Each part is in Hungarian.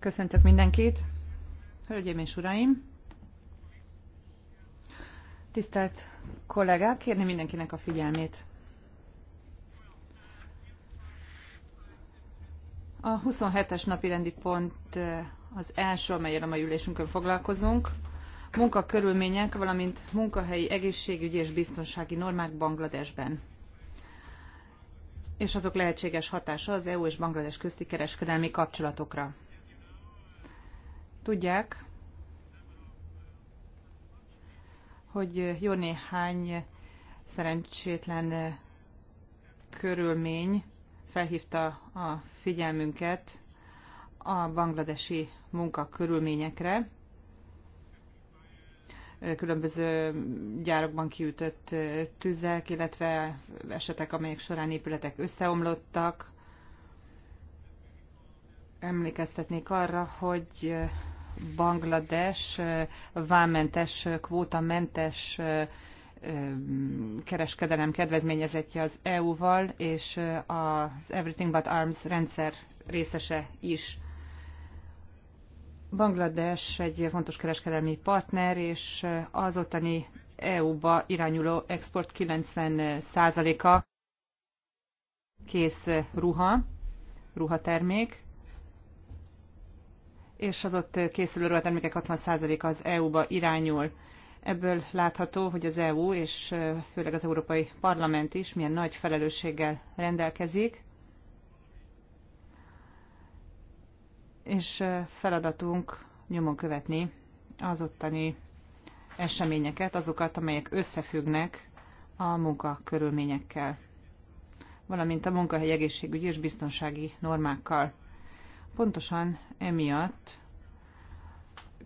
Köszöntök mindenkit. Hölgyeim és uraim! Tisztelt kollégák, kérni mindenkinek a figyelmét. A 27-es napi rendi pont eh, az első, amelyel a mai ülésünkön foglalkozunk. Munkakörülmények, valamint munkahelyi egészségügyi és biztonsági normák Bangladesben és azok lehetséges hatása az EU és Banglades közti kereskedelmi kapcsolatokra. Tudják, hogy jó néhány szerencsétlen körülmény felhívta a figyelmünket a bangladesi munkakörülményekre, különböző gyárokban kiütött tüzek, illetve esetek, amelyek során épületek összeomlottak. Emlékeztetnék arra, hogy Banglades vámmentes, kvótamentes eh, kereskedelem kedvezményezetje az EU-val, és eh, az Everything But Arms rendszer részese is. Banglades egy fontos kereskedelmi partner, és az ottani EU-ba irányuló export 90%-a kész ruha, ruhatermék, és az ott készülő ruhatermékek 60%-a az EU-ba irányul. Ebből látható, hogy az EU és főleg az Európai Parlament is milyen nagy felelősséggel rendelkezik, és feladatunk nyomon követni az ottani eseményeket, azokat, amelyek összefüggnek a munkakörülményekkel, valamint a munkahely egészségügyi és biztonsági normákkal. Pontosan emiatt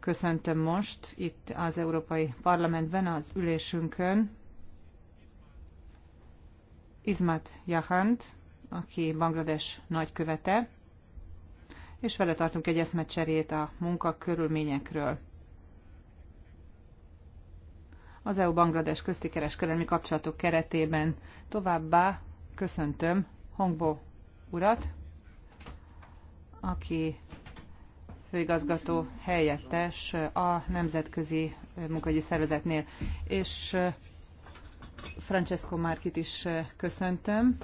köszöntöm most itt az Európai Parlamentben az ülésünkön Izmat Jahant, aki Banglades nagykövete, és vele tartunk egy eszmecserét a munkakörülményekről. Az eu bangladesh közti kereskedelmi kapcsolatok keretében továbbá köszöntöm Hongbo urat, aki főigazgató helyettes a Nemzetközi Munkahogyi Szervezetnél. És Francesco Márkit is köszöntöm.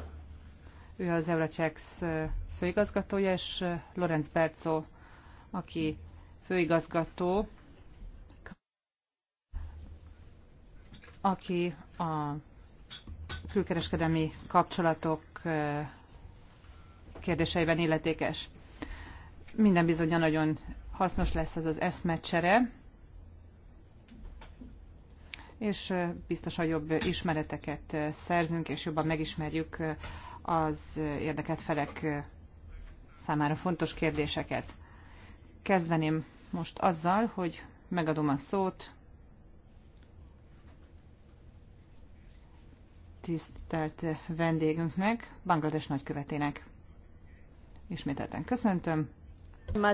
Ő az Eurocsex főigazgatója, és Lorenz Berco, aki főigazgató, aki a külkereskedelmi kapcsolatok kérdéseiben illetékes. Minden bizony nagyon hasznos lesz ez az eszmecsere, és biztos, hogy jobb ismereteket szerzünk, és jobban megismerjük az érdekelt felek számára fontos kérdéseket. Kezdeném most azzal, hogy megadom a szót tisztelt vendégünknek, Banglades nagykövetének. Ismételten köszöntöm. Uh,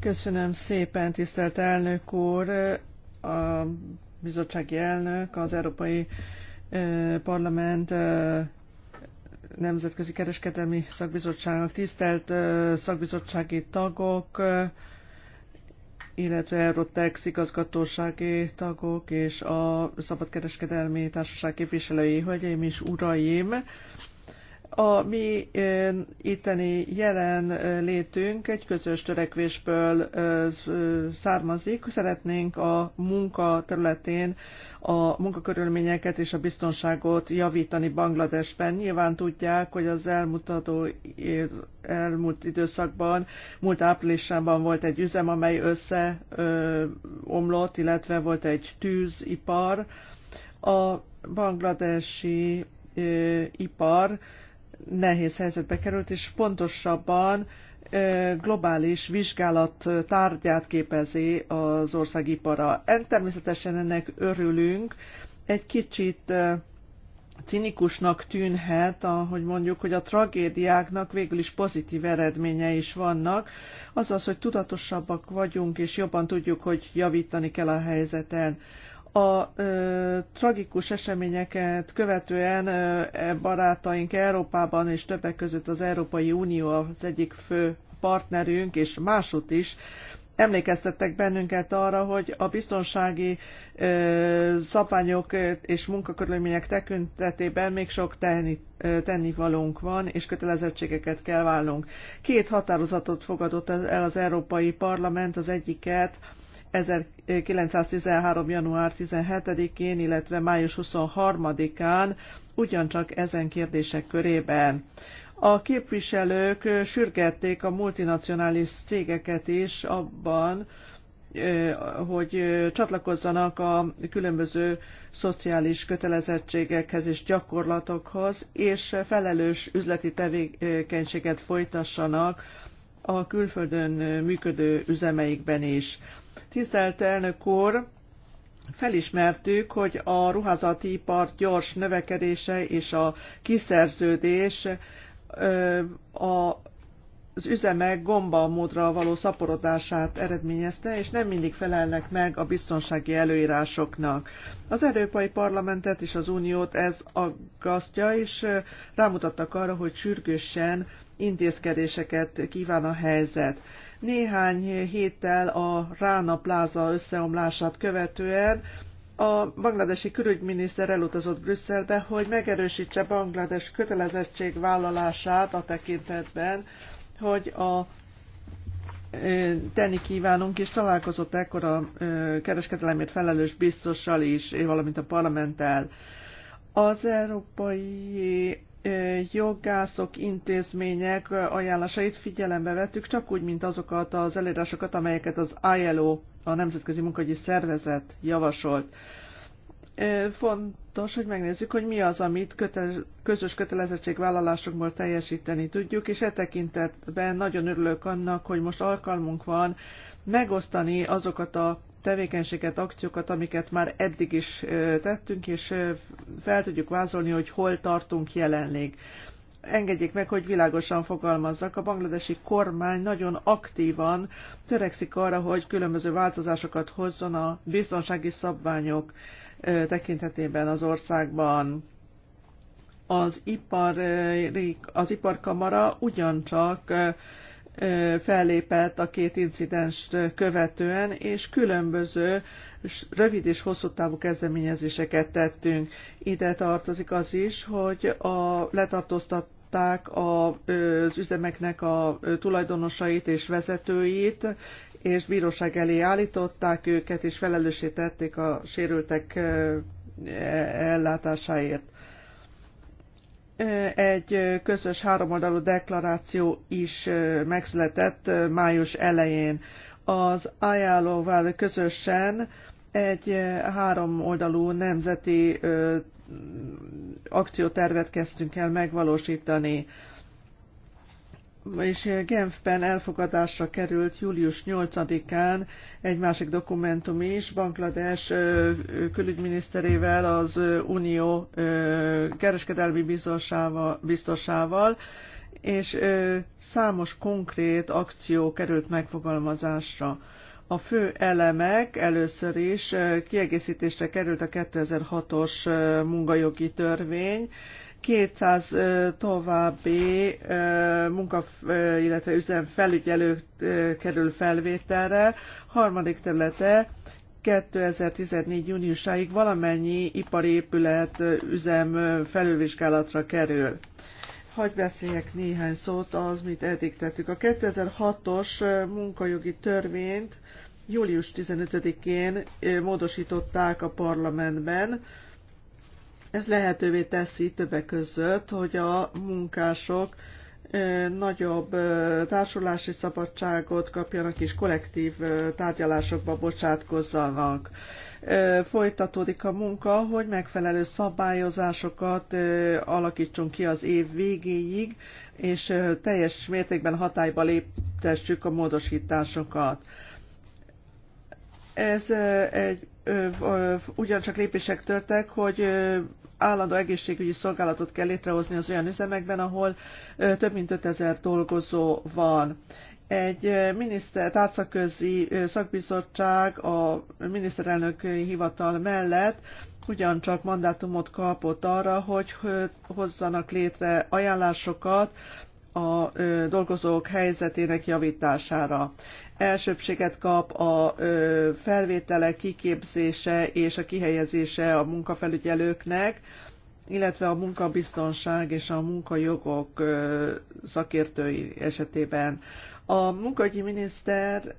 Köszönöm szépen, tisztelt elnök úr, a bizottsági elnök, az Európai eh, Parlament eh, Nemzetközi Kereskedelmi Szakbizottságnak tisztelt szakbizottsági tagok, illetve Eurotex igazgatósági tagok és a Szabadkereskedelmi Társaság képviselői, hölgyeim és uraim! A mi itteni jelen létünk egy közös törekvésből származik. Szeretnénk a munka területén a munkakörülményeket és a biztonságot javítani Bangladesben. Nyilván tudják, hogy az elmutató elmúlt időszakban, múlt áprilisában volt egy üzem, amely összeomlott, illetve volt egy tűzipar. A bangladesi ipar nehéz helyzetbe került, és pontosabban globális vizsgálat tárgyát képezi az ország ipara. En, természetesen ennek örülünk. Egy kicsit cinikusnak tűnhet, ahogy mondjuk, hogy a tragédiáknak végül is pozitív eredménye is vannak, azaz, hogy tudatosabbak vagyunk, és jobban tudjuk, hogy javítani kell a helyzeten a ö, tragikus eseményeket követően ö, e barátaink Európában és többek között az Európai Unió az egyik fő partnerünk, és másut is, emlékeztettek bennünket arra, hogy a biztonsági ö, szapányok és munkakörülmények tekintetében még sok tenni, ö, tennivalónk van, és kötelezettségeket kell válnunk. Két határozatot fogadott el az Európai Parlament, az egyiket 1913. január 17-én, illetve május 23-án ugyancsak ezen kérdések körében. A képviselők sürgették a multinacionális cégeket is abban, hogy csatlakozzanak a különböző szociális kötelezettségekhez és gyakorlatokhoz, és felelős üzleti tevékenységet folytassanak a külföldön működő üzemeikben is. Tisztelt elnök úr, felismertük, hogy a ruházati ipar gyors növekedése és a kiszerződés a az üzemek módra való szaporodását eredményezte, és nem mindig felelnek meg a biztonsági előírásoknak. Az Európai Parlamentet és az Uniót ez aggasztja, és rámutattak arra, hogy sürgősen intézkedéseket kíván a helyzet. Néhány héttel a Rána pláza összeomlását követően a bangladesi külügyminiszter elutazott Brüsszelbe, hogy megerősítse Banglades kötelezettségvállalását a tekintetben, hogy a tenni kívánunk, és találkozott ekkor a kereskedelemért felelős biztossal is, valamint a parlamenttel. Az európai jogászok, intézmények ajánlásait figyelembe vettük, csak úgy, mint azokat az előírásokat, amelyeket az ILO, a Nemzetközi Munkahogyi Szervezet javasolt. Fontos, hogy megnézzük, hogy mi az, amit köte- közös kötelezettségvállalásokból teljesíteni tudjuk, és e tekintetben nagyon örülök annak, hogy most alkalmunk van megosztani azokat a tevékenységet, akciókat, amiket már eddig is tettünk, és fel tudjuk vázolni, hogy hol tartunk jelenleg. Engedjék meg, hogy világosan fogalmazzak. A bangladesi kormány nagyon aktívan törekszik arra, hogy különböző változásokat hozzon a biztonsági szabványok tekintetében az országban az, ipar, az iparkamara ugyancsak fellépett a két incidens követően, és különböző rövid és hosszú távú kezdeményezéseket tettünk. Ide tartozik az is, hogy a letartóztat az üzemeknek a tulajdonosait és vezetőit, és bíróság elé állították őket, és felelőssé tették a sérültek ellátásáért egy közös háromoldalú deklaráció is megszületett május elején. Az ajánlóval közösen egy háromoldalú nemzeti akciótervet kezdtünk el megvalósítani és Genfben elfogadásra került július 8-án egy másik dokumentum is, Banglades külügyminiszterével, az Unió kereskedelmi biztosával, és számos konkrét akció került megfogalmazásra. A fő elemek először is kiegészítésre került a 2006-os munkajogi törvény, 200 további munka, illetve üzemfelügyelő kerül felvételre. Harmadik területe 2014. júniusáig valamennyi ipari épület üzem felülvizsgálatra kerül. Hagy beszéljek néhány szót az, mit eddig tettük. A 2006-os munkajogi törvényt július 15-én módosították a parlamentben, ez lehetővé teszi többek között, hogy a munkások nagyobb társulási szabadságot kapjanak és kollektív tárgyalásokba bocsátkozzanak. Folytatódik a munka, hogy megfelelő szabályozásokat alakítsunk ki az év végéig, és teljes mértékben hatályba léptessük a módosításokat. Ez egy ugyancsak lépések törtek, hogy állandó egészségügyi szolgálatot kell létrehozni az olyan üzemekben, ahol több mint 5000 dolgozó van. Egy miniszter, tárcaközi szakbizottság a miniszterelnök hivatal mellett ugyancsak mandátumot kapott arra, hogy hozzanak létre ajánlásokat a dolgozók helyzetének javítására elsőbséget kap a felvétele, kiképzése és a kihelyezése a munkafelügyelőknek, illetve a munkabiztonság és a munkajogok szakértői esetében. A munkahogyi miniszter,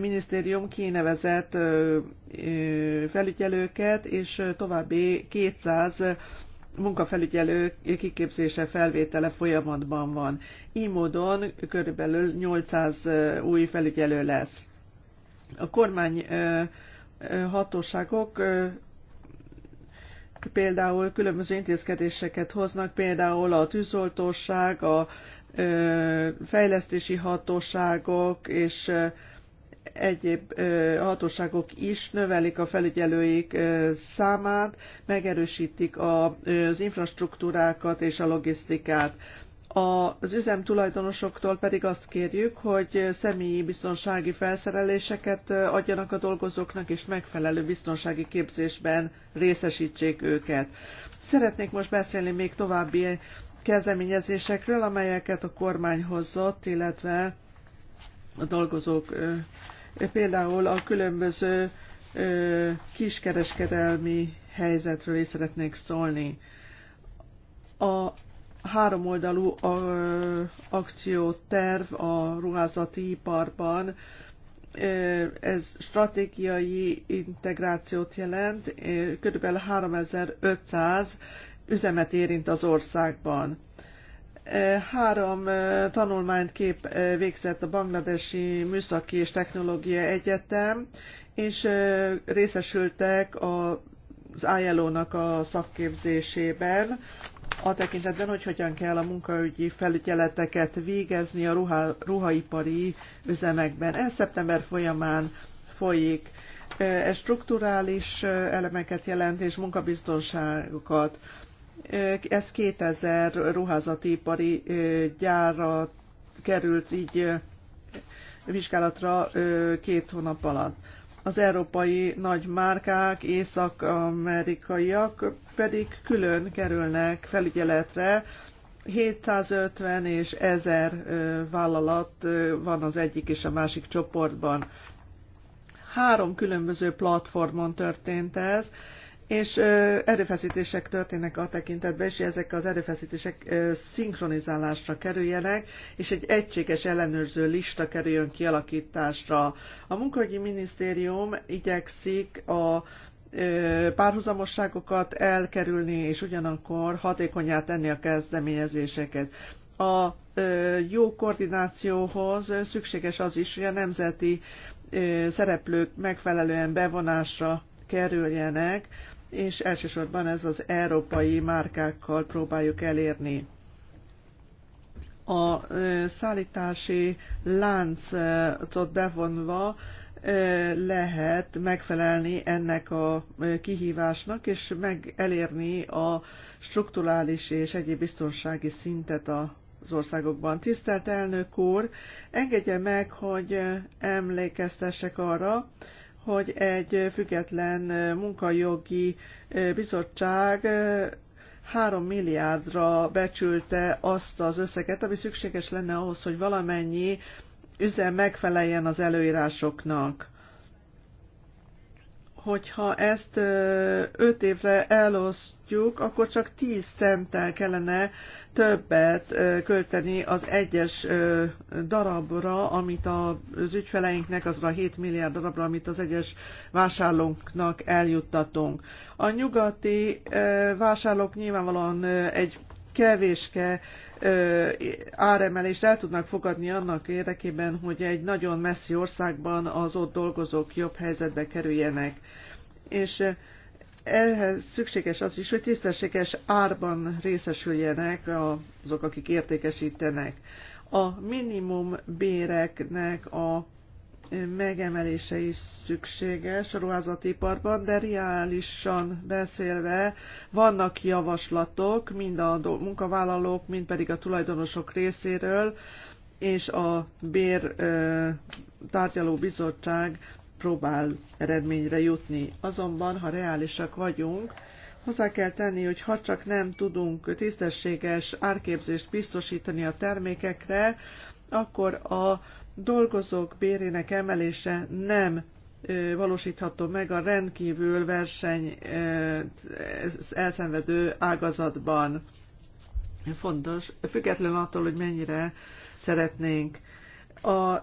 minisztérium kinevezett felügyelőket és további 200 munkafelügyelő kiképzése, felvétele folyamatban van. Így módon körülbelül 800 új felügyelő lesz. A kormány hatóságok például különböző intézkedéseket hoznak, például a tűzoltóság, a fejlesztési hatóságok és egyéb hatóságok is növelik a felügyelőik számát, megerősítik az infrastruktúrákat és a logisztikát. Az üzem tulajdonosoktól pedig azt kérjük, hogy személyi biztonsági felszereléseket adjanak a dolgozóknak, és megfelelő biztonsági képzésben részesítsék őket. Szeretnék most beszélni még további kezdeményezésekről, amelyeket a kormány hozott, illetve a dolgozók Például a különböző kiskereskedelmi helyzetről is szeretnék szólni. A háromoldalú akcióterv a ruházati iparban ez stratégiai integrációt jelent, kb. 3500 üzemet érint az országban. Három tanulmányt kép végzett a Bangladesi Műszaki és Technológia Egyetem, és részesültek az ILO-nak a szakképzésében, a tekintetben, hogy hogyan kell a munkaügyi felügyeleteket végezni a ruha, ruhaipari üzemekben. Ez szeptember folyamán folyik. Ez strukturális elemeket jelent és munkabiztonságokat. Ez 2000 ruházatipari gyárra került így vizsgálatra két hónap alatt. Az európai nagy márkák, észak-amerikaiak pedig külön kerülnek felügyeletre, 750 és 1000 vállalat van az egyik és a másik csoportban. Három különböző platformon történt ez, és erőfeszítések történnek a tekintetben, és ezek az erőfeszítések szinkronizálásra kerüljenek, és egy egységes ellenőrző lista kerüljön kialakításra. A munkahogyi minisztérium igyekszik a párhuzamosságokat elkerülni, és ugyanakkor hatékonyá tenni a kezdeményezéseket. A jó koordinációhoz szükséges az is, hogy a nemzeti szereplők megfelelően bevonásra kerüljenek, és elsősorban ez az európai márkákkal próbáljuk elérni. A szállítási láncot bevonva lehet megfelelni ennek a kihívásnak, és meg elérni a strukturális és egyéb biztonsági szintet az országokban. Tisztelt elnök úr, engedje meg, hogy emlékeztessek arra, hogy egy független munkajogi bizottság 3 milliárdra becsülte azt az összeget, ami szükséges lenne ahhoz, hogy valamennyi üzem megfeleljen az előírásoknak hogyha ezt 5 évre elosztjuk, akkor csak 10 centtel kellene többet költeni az egyes darabra, amit az ügyfeleinknek, azra a 7 milliárd darabra, amit az egyes vásárlónknak eljuttatunk. A nyugati vásárlók nyilvánvalóan egy kevéske áremelést el tudnak fogadni annak érdekében, hogy egy nagyon messzi országban az ott dolgozók jobb helyzetbe kerüljenek. És ehhez szükséges az is, hogy tisztességes árban részesüljenek azok, akik értékesítenek. A minimum béreknek a megemelése is szükséges a ruházatiparban, de reálisan beszélve vannak javaslatok mind a munkavállalók, mind pedig a tulajdonosok részéről, és a bér tárgyaló bizottság próbál eredményre jutni. Azonban, ha reálisak vagyunk, hozzá kell tenni, hogy ha csak nem tudunk tisztességes árképzést biztosítani a termékekre, akkor a dolgozók bérének emelése nem valósítható meg a rendkívül verseny elszenvedő ágazatban. Fontos, független attól, hogy mennyire szeretnénk. A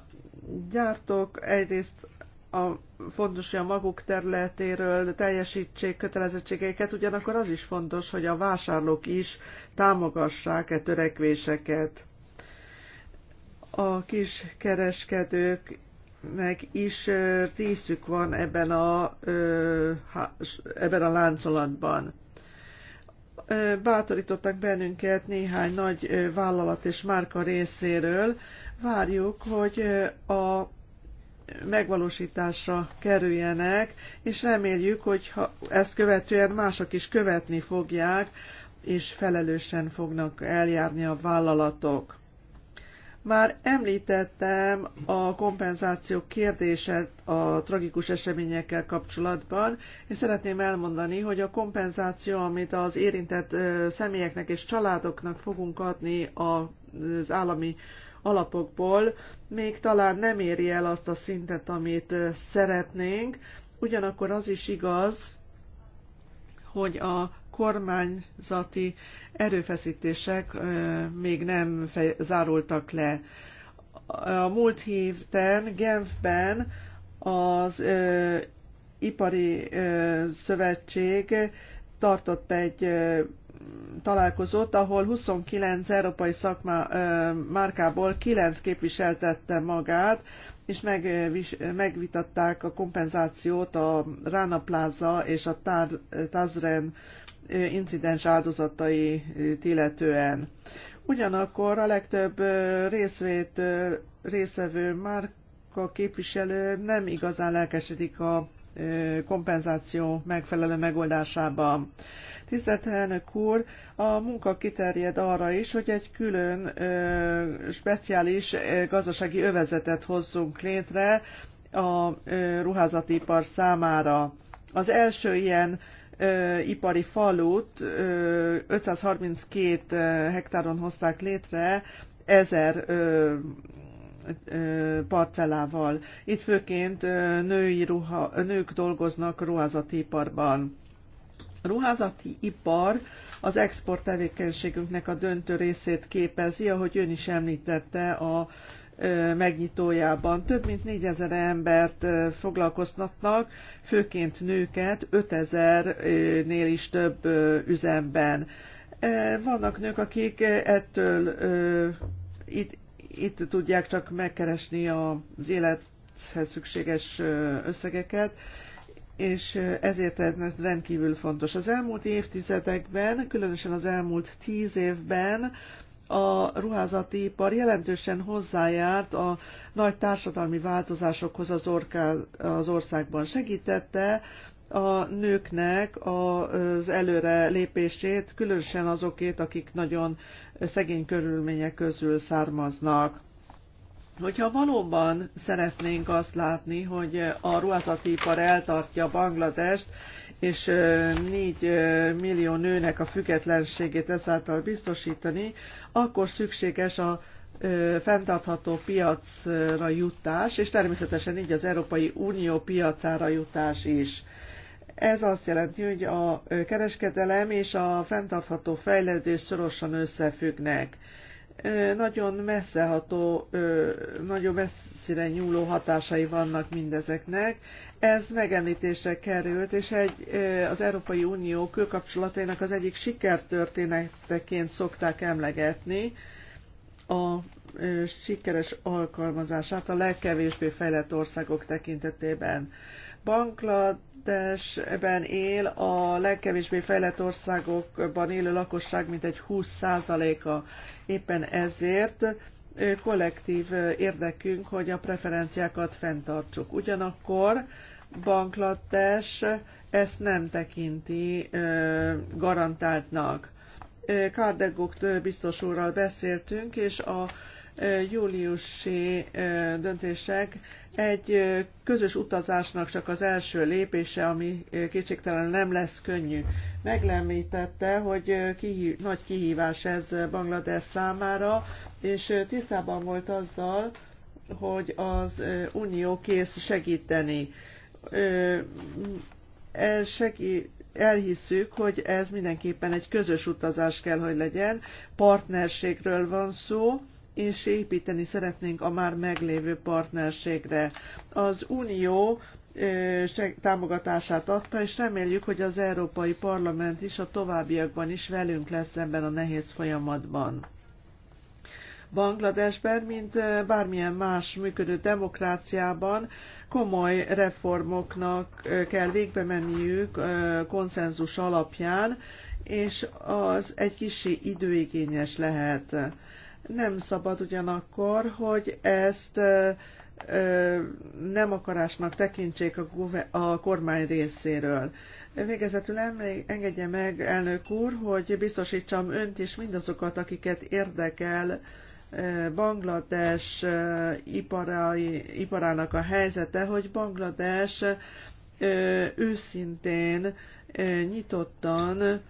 gyártók egyrészt a fontos, hogy a maguk területéről teljesítsék kötelezettségeiket, ugyanakkor az is fontos, hogy a vásárlók is támogassák e törekvéseket. A kiskereskedők meg is részük van ebben a, ebben a láncolatban. Bátorítottak bennünket néhány nagy vállalat és márka részéről. Várjuk, hogy a megvalósításra kerüljenek, és reméljük, hogy ha ezt követően mások is követni fogják, és felelősen fognak eljárni a vállalatok. Már említettem a kompenzáció kérdését a tragikus eseményekkel kapcsolatban, és szeretném elmondani, hogy a kompenzáció, amit az érintett személyeknek és családoknak fogunk adni az állami alapokból még talán nem éri el azt a szintet, amit szeretnénk. Ugyanakkor az is igaz, hogy a kormányzati erőfeszítések még nem zárultak le. A múlt héten Genfben az Ipari Szövetség tartott egy találkozót, ahol 29 európai szakma márkából 9 képviseltette magát, és megvitatták a kompenzációt a Rana Plaza és a Tazren incidens áldozatai illetően. Ugyanakkor a legtöbb részvét részvevő márka képviselő nem igazán lelkesedik a kompenzáció megfelelő megoldásában. Tisztelt elnök úr, a munka kiterjed arra is, hogy egy külön ö, speciális ö, gazdasági övezetet hozzunk létre a ö, ruházatipar számára. Az első ilyen ö, ipari falut ö, 532 hektáron hozták létre, ezer ö, parcellával. Itt főként női ruha, nők dolgoznak ruházati iparban. A ruházati ipar az export tevékenységünknek a döntő részét képezi, ahogy ön is említette a megnyitójában. Több mint 4000 embert foglalkoztatnak, főként nőket, 5000-nél is több üzemben. Vannak nők, akik ettől itt itt tudják csak megkeresni az élethez szükséges összegeket, és ezért ez rendkívül fontos. Az elmúlt évtizedekben, különösen az elmúlt tíz évben a ruházati ipar jelentősen hozzájárt a nagy társadalmi változásokhoz az, az országban. Segítette a nőknek az előre lépését, különösen azokét, akik nagyon szegény körülmények közül származnak. Hogyha valóban szeretnénk azt látni, hogy a ruházatipar eltartja Bangladest, és 4 millió nőnek a függetlenségét ezáltal biztosítani, akkor szükséges a fenntartható piacra jutás, és természetesen így az Európai Unió piacára jutás is. Ez azt jelenti, hogy a kereskedelem és a fenntartható fejlődés szorosan összefüggnek. Nagyon messzeható, nagyon messzire nyúló hatásai vannak mindezeknek. Ez megemlítésre került, és egy, az Európai Unió külkapcsolatainak az egyik sikertörténeteként szokták emlegetni a sikeres alkalmazását a legkevésbé fejlett országok tekintetében. Bangladesben él a legkevésbé fejlett országokban élő lakosság mintegy 20%-a. Éppen ezért kollektív érdekünk, hogy a preferenciákat fenntartsuk. Ugyanakkor Banklates ezt nem tekinti garantáltnak. Kardegok biztos úrral beszéltünk, és a júliusi döntések egy közös utazásnak csak az első lépése, ami kétségtelen nem lesz könnyű. Meglemítette, hogy kihív, nagy kihívás ez Banglades számára, és tisztában volt azzal, hogy az Unió kész segíteni. El segí, elhiszük, hogy ez mindenképpen egy közös utazás kell, hogy legyen. Partnerségről van szó, és építeni szeretnénk a már meglévő partnerségre. Az Unió támogatását adta, és reméljük, hogy az Európai Parlament is a továbbiakban is velünk lesz ebben a nehéz folyamatban. Bangladesben, mint bármilyen más működő demokráciában komoly reformoknak kell végbe menniük konszenzus alapján, és az egy kicsi időigényes lehet. Nem szabad ugyanakkor, hogy ezt nem akarásnak tekintsék a, a kormány részéről. Végezetül engedje meg, elnök úr, hogy biztosítsam önt és mindazokat, akiket érdekel Banglades iparai, iparának a helyzete, hogy Banglades őszintén, nyitottan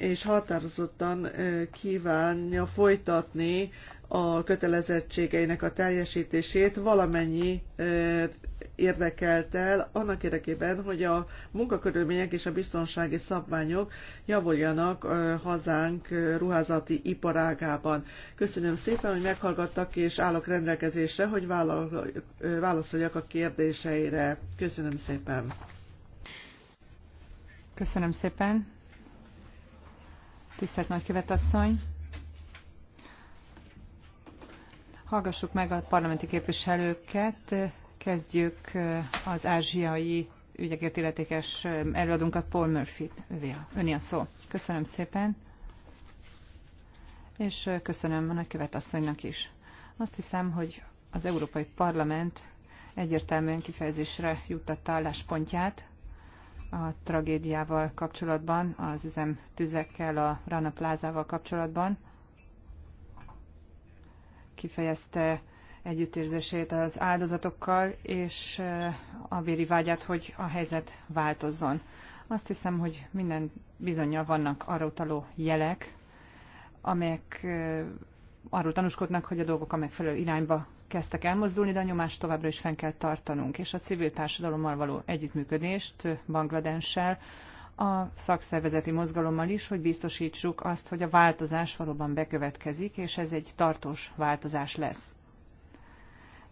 és határozottan kívánja folytatni a kötelezettségeinek a teljesítését valamennyi el annak érdekében, hogy a munkakörülmények és a biztonsági szabványok javuljanak hazánk ruházati iparágában. Köszönöm szépen, hogy meghallgattak, és állok rendelkezésre, hogy válaszoljak a kérdéseire. Köszönöm szépen. Köszönöm szépen. Tisztelt asszony! Hallgassuk meg a parlamenti képviselőket, kezdjük eh, az ázsiai ügyekért illetékes eh, előadónkat, Paul Murphy-t. Öni a szó. Köszönöm szépen, és eh, köszönöm a asszonynak is. Azt hiszem, hogy az Európai Parlament egyértelműen kifejezésre juttatta álláspontját a tragédiával kapcsolatban, az üzem tüzekkel, a Rana plázával kapcsolatban. Kifejezte együttérzését az áldozatokkal, és eh, a véri vágyát, hogy a helyzet változzon. Azt hiszem, hogy minden bizonyal vannak arra utaló jelek, amelyek eh, arról tanúskodnak, hogy a dolgok a megfelelő irányba kezdtek elmozdulni, de a nyomást továbbra is fenn kell tartanunk, és a civil társadalommal való együttműködést Bangladessel, a szakszervezeti mozgalommal is, hogy biztosítsuk azt, hogy a változás valóban bekövetkezik, és ez egy tartós változás lesz.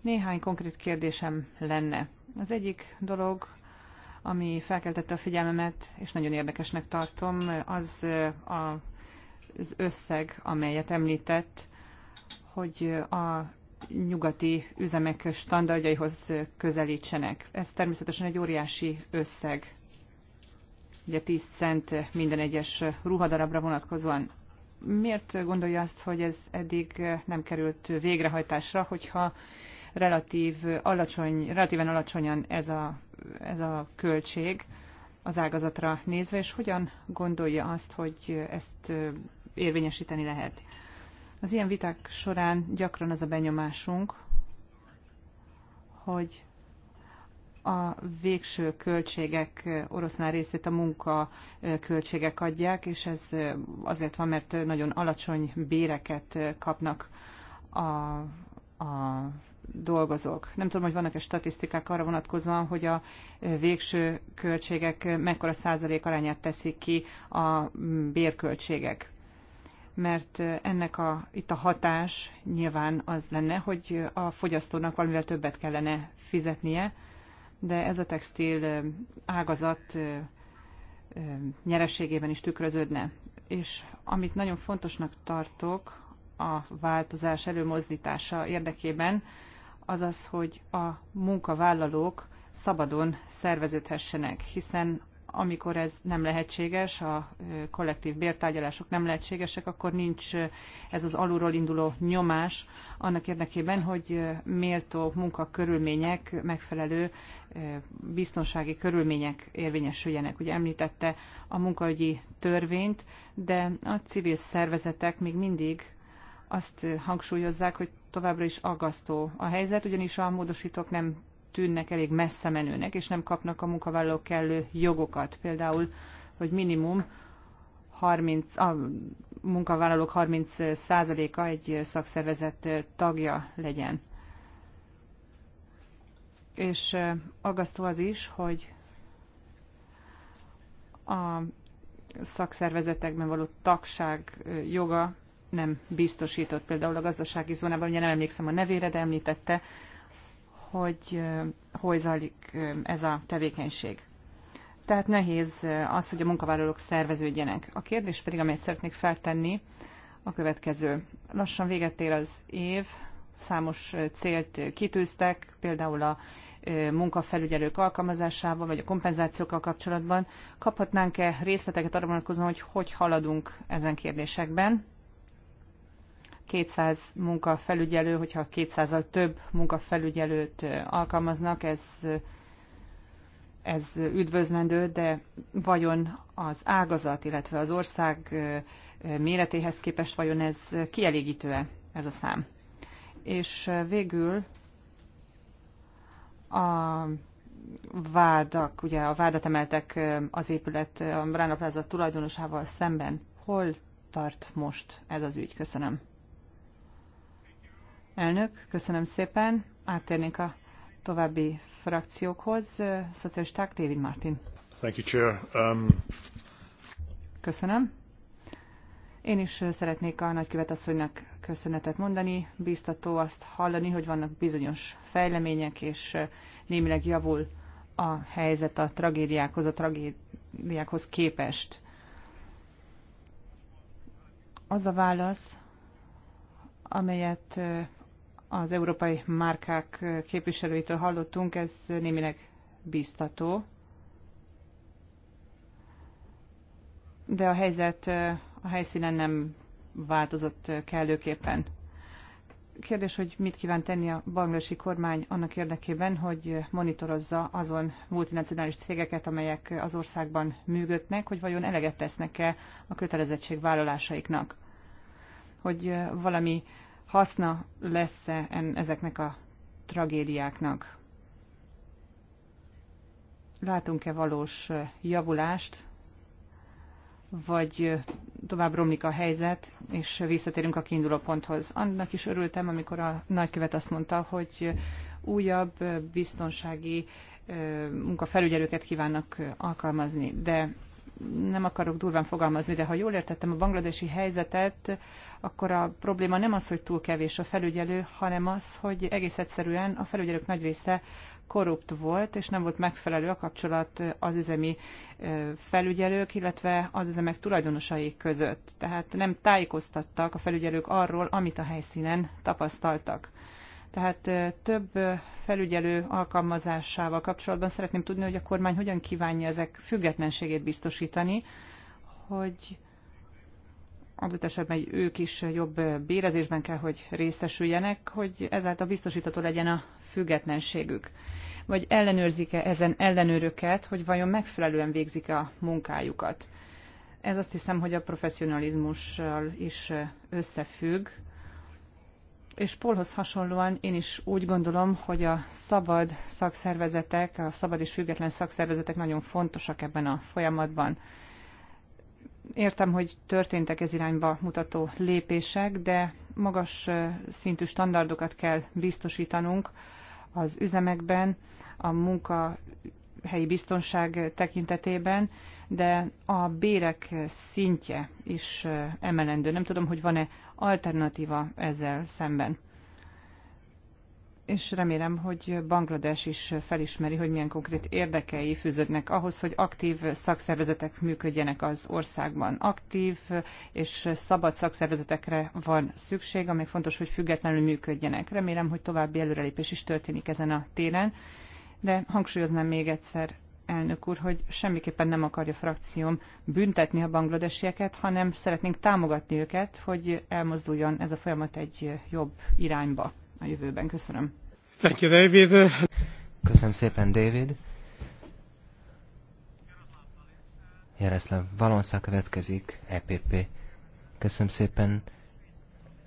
Néhány konkrét kérdésem lenne. Az egyik dolog, ami felkeltette a figyelmemet, és nagyon érdekesnek tartom, az az összeg, amelyet említett, hogy a nyugati üzemek standardjaihoz közelítsenek. Ez természetesen egy óriási összeg, ugye 10 cent minden egyes ruhadarabra vonatkozóan. Miért gondolja azt, hogy ez eddig nem került végrehajtásra, hogyha relatív alacsony, relatíven alacsonyan ez a, ez a költség az ágazatra nézve, és hogyan gondolja azt, hogy ezt érvényesíteni lehet? Az ilyen viták során gyakran az a benyomásunk, hogy a végső költségek orosznál részét a munka költségek adják, és ez azért van, mert nagyon alacsony béreket kapnak a, a dolgozók. Nem tudom, hogy vannak-e statisztikák arra vonatkozóan, hogy a végső költségek mekkora százalék arányát teszik ki a bérköltségek mert ennek a, itt a hatás nyilván az lenne, hogy a fogyasztónak valamivel többet kellene fizetnie, de ez a textil ágazat nyereségében is tükröződne. És amit nagyon fontosnak tartok a változás előmozdítása érdekében, az az, hogy a munkavállalók szabadon szerveződhessenek, hiszen amikor ez nem lehetséges, a kollektív bértárgyalások nem lehetségesek, akkor nincs ez az alulról induló nyomás annak érdekében, hogy méltó munkakörülmények, megfelelő biztonsági körülmények érvényesüljenek. Ugye említette a munkaügyi törvényt, de a civil szervezetek még mindig azt hangsúlyozzák, hogy továbbra is aggasztó a helyzet, ugyanis a módosítók nem tűnnek elég messze menőnek, és nem kapnak a munkavállalók kellő jogokat. Például, hogy minimum 30, a munkavállalók 30%-a egy szakszervezet tagja legyen. És aggasztó az is, hogy a szakszervezetekben való tagság joga nem biztosított. Például a gazdasági zónában, ugye nem emlékszem a nevére, de említette, hogy hol zajlik ez a tevékenység. Tehát nehéz az, hogy a munkavállalók szerveződjenek. A kérdés pedig, amelyet szeretnék feltenni, a következő. Lassan véget ér az év, számos célt kitűztek, például a munkafelügyelők alkalmazásával, vagy a kompenzációkkal kapcsolatban. Kaphatnánk-e részleteket arra vonatkozóan, hogy hogy haladunk ezen kérdésekben? 200 munkafelügyelő, hogyha 200-al több munkafelügyelőt alkalmaznak, ez, ez üdvözlendő, de vajon az ágazat, illetve az ország méretéhez képest vajon ez kielégítő-e ez a szám? És végül a vádak, ugye a vádat emeltek az épület a ránaplázat tulajdonosával szemben. Hol tart most ez az ügy? Köszönöm. Elnök, köszönöm szépen. Áttérnénk a további frakciókhoz. Szocialisták, David Martin. Thank you, Chair. Um... Köszönöm. Én is szeretnék a asszonynak köszönetet mondani. Bíztató azt hallani, hogy vannak bizonyos fejlemények, és némileg javul a helyzet a tragédiákhoz, a tragédiákhoz képest. Az a válasz, amelyet az európai márkák képviselőitől hallottunk, ez némileg bíztató. De a helyzet a helyszínen nem változott kellőképpen. Kérdés, hogy mit kíván tenni a bangladesi kormány annak érdekében, hogy monitorozza azon multinacionális cégeket, amelyek az országban működnek, hogy vajon eleget tesznek-e a kötelezettség vállalásaiknak. Hogy valami haszna lesz-e ezeknek a tragédiáknak? Látunk-e valós javulást, vagy tovább romlik a helyzet, és visszatérünk a kiinduló ponthoz. Annak is örültem, amikor a nagykövet azt mondta, hogy újabb biztonsági munkafelügyelőket kívánnak alkalmazni, de nem akarok durván fogalmazni, de ha jól értettem a bangladesi helyzetet, akkor a probléma nem az, hogy túl kevés a felügyelő, hanem az, hogy egész egyszerűen a felügyelők nagy része korrupt volt, és nem volt megfelelő a kapcsolat az üzemi felügyelők, illetve az üzemek tulajdonosai között. Tehát nem tájékoztattak a felügyelők arról, amit a helyszínen tapasztaltak. Tehát több felügyelő alkalmazásával kapcsolatban szeretném tudni, hogy a kormány hogyan kívánja ezek függetlenségét biztosítani, hogy adott esetben ők is jobb bérezésben kell, hogy részesüljenek, hogy ezáltal biztosítható legyen a függetlenségük. Vagy ellenőrzik-e ezen ellenőröket, hogy vajon megfelelően végzik -e a munkájukat. Ez azt hiszem, hogy a professzionalizmussal is összefügg, és Polhoz hasonlóan én is úgy gondolom, hogy a szabad szakszervezetek, a szabad és független szakszervezetek nagyon fontosak ebben a folyamatban. Értem, hogy történtek ez irányba mutató lépések, de magas szintű standardokat kell biztosítanunk az üzemekben, a munkahelyi biztonság tekintetében, de a bérek szintje is emelendő. Nem tudom, hogy van-e alternatíva ezzel szemben. És remélem, hogy Banglades is felismeri, hogy milyen konkrét érdekei fűződnek ahhoz, hogy aktív szakszervezetek működjenek az országban. Aktív és szabad szakszervezetekre van szükség, amely fontos, hogy függetlenül működjenek. Remélem, hogy további előrelépés is történik ezen a téren, de hangsúlyoznám még egyszer elnök úr, hogy semmiképpen nem akarja a frakcióm büntetni a bangladesieket, hanem szeretnénk támogatni őket, hogy elmozduljon ez a folyamat egy jobb irányba a jövőben. Köszönöm. Thank you, David. Köszönöm szépen, David. Jaroszláv Valonszá következik, EPP. Köszönöm szépen,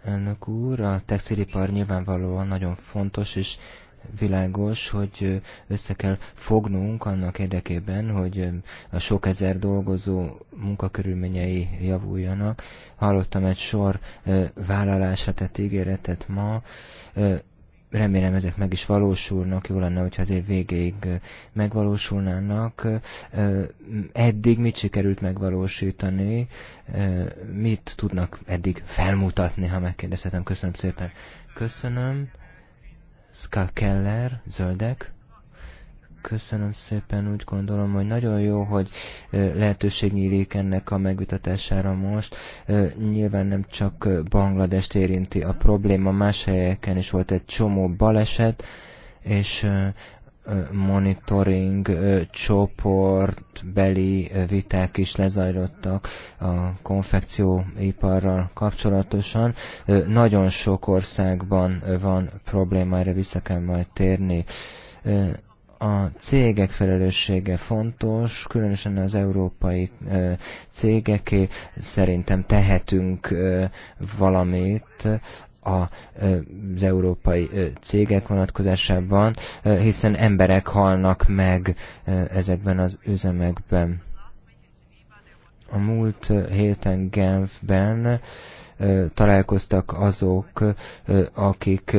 elnök úr. A textilipar nyilvánvalóan nagyon fontos, és világos, hogy össze kell fognunk annak érdekében, hogy a sok ezer dolgozó munkakörülményei javuljanak. Hallottam egy sor vállalásra tett ígéretet ma, remélem ezek meg is valósulnak, jó lenne, hogyha az év végéig megvalósulnának. Eddig mit sikerült megvalósítani, mit tudnak eddig felmutatni, ha megkérdezhetem. Köszönöm szépen. Köszönöm. Ska Keller, zöldek. Köszönöm szépen, úgy gondolom, hogy nagyon jó, hogy lehetőség nyílik ennek a megvitatására most. Nyilván nem csak Bangladest érinti a probléma, más helyeken is volt egy csomó baleset, és monitoring csoportbeli viták is lezajlottak a konfekcióiparral kapcsolatosan. Nagyon sok országban van erre vissza kell majd térni a cégek felelőssége fontos, különösen az európai cégeké. Szerintem tehetünk valamit az európai cégek vonatkozásában, hiszen emberek halnak meg ezekben az üzemekben. A múlt héten Genfben találkoztak azok, akik,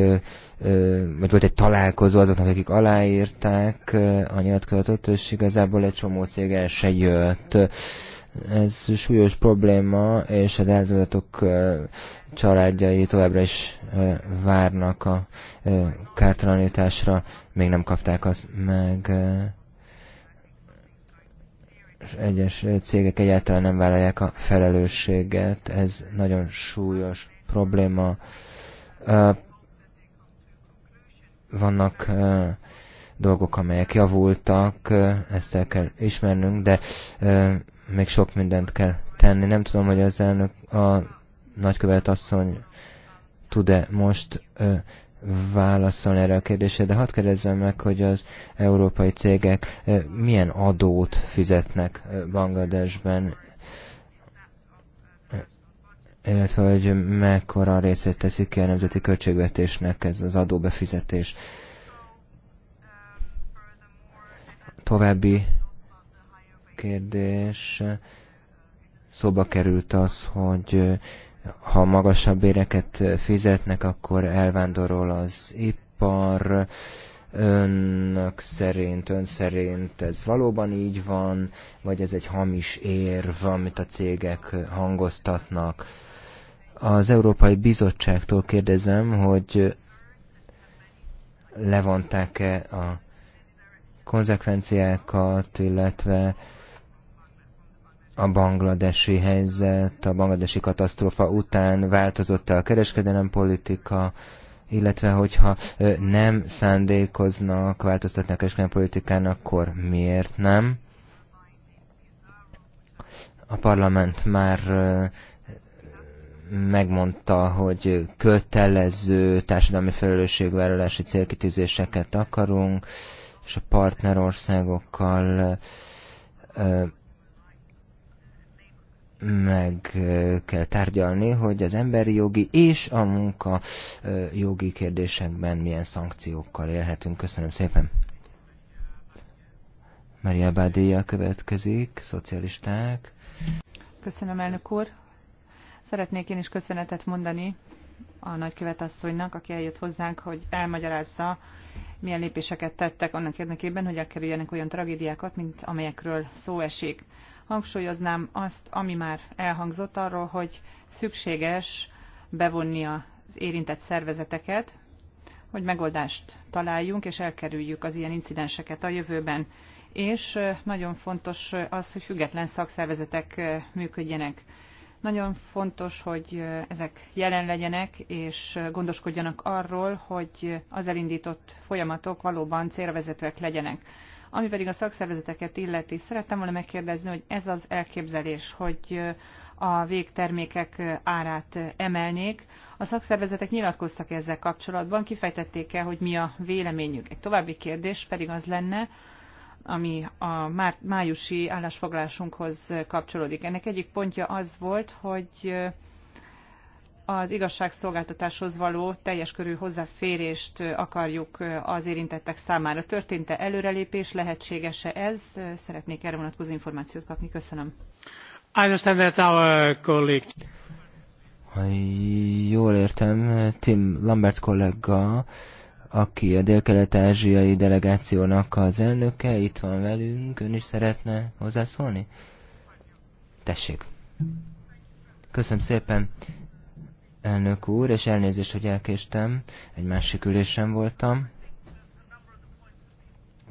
vagy volt egy találkozó azoknak, akik aláírták a nyilatkozatot, és igazából egy csomó cég el se jött. Ez súlyos probléma, és az áldozatok családjai továbbra is várnak a kártalanításra, még nem kapták azt meg egyes cégek egyáltalán nem vállalják a felelősséget, ez nagyon súlyos probléma. Vannak dolgok, amelyek javultak, ezt el kell ismernünk, de még sok mindent kell tenni. Nem tudom, hogy az elnök, a nagykövet asszony tud-e most ö, válaszolni erre a kérdésre, de hadd kérdezzem meg, hogy az európai cégek ö, milyen adót fizetnek Bangladesben, illetve hogy mekkora részét teszik ki a nemzeti költségvetésnek ez az adóbefizetés. További kérdés. Szóba került az, hogy ha magasabb éreket fizetnek, akkor elvándorol az ipar. Önök szerint, ön szerint ez valóban így van, vagy ez egy hamis érv, amit a cégek hangoztatnak? Az Európai Bizottságtól kérdezem, hogy levonták-e a konzekvenciákat, illetve a bangladesi helyzet, a bangladesi katasztrófa után változott-e a kereskedelempolitika, illetve hogyha nem szándékoznak változtatni a kereskedelempolitikán, akkor miért nem? A parlament már megmondta, hogy kötelező társadalmi felelősségvállalási célkitűzéseket akarunk, és a partnerországokkal meg kell tárgyalni, hogy az emberi jogi és a munka jogi kérdésekben milyen szankciókkal élhetünk. Köszönöm szépen! Maria Bádéja következik, szocialisták. Köszönöm, elnök úr. Szeretnék én is köszönetet mondani a nagykövetasszonynak, aki eljött hozzánk, hogy elmagyarázza, milyen lépéseket tettek annak érdekében, hogy elkerüljenek olyan tragédiákat, mint amelyekről szó esik. Hangsúlyoznám azt, ami már elhangzott arról, hogy szükséges bevonni az érintett szervezeteket, hogy megoldást találjunk, és elkerüljük az ilyen incidenseket a jövőben. És nagyon fontos az, hogy független szakszervezetek működjenek. Nagyon fontos, hogy ezek jelen legyenek, és gondoskodjanak arról, hogy az elindított folyamatok valóban célvezetőek legyenek. Ami pedig a szakszervezeteket illeti, szerettem volna megkérdezni, hogy ez az elképzelés, hogy a végtermékek árát emelnék. A szakszervezetek nyilatkoztak ezzel kapcsolatban, kifejtették el, hogy mi a véleményük. Egy további kérdés pedig az lenne, ami a májusi állásfoglalásunkhoz kapcsolódik. Ennek egyik pontja az volt, hogy az igazságszolgáltatáshoz való teljes körű hozzáférést akarjuk az érintettek számára. Történt-e előrelépés, lehetséges-e ez? Szeretnék erre vonatkozó információt kapni. Köszönöm. I understand that our colleague... Ha jól értem, Tim Lambert kollega, aki a dél-kelet-ázsiai delegációnak az elnöke, itt van velünk, ön is szeretne hozzászólni? Tessék! Köszönöm szépen, elnök úr, és elnézést, hogy elkéstem, egy másik ülésen voltam.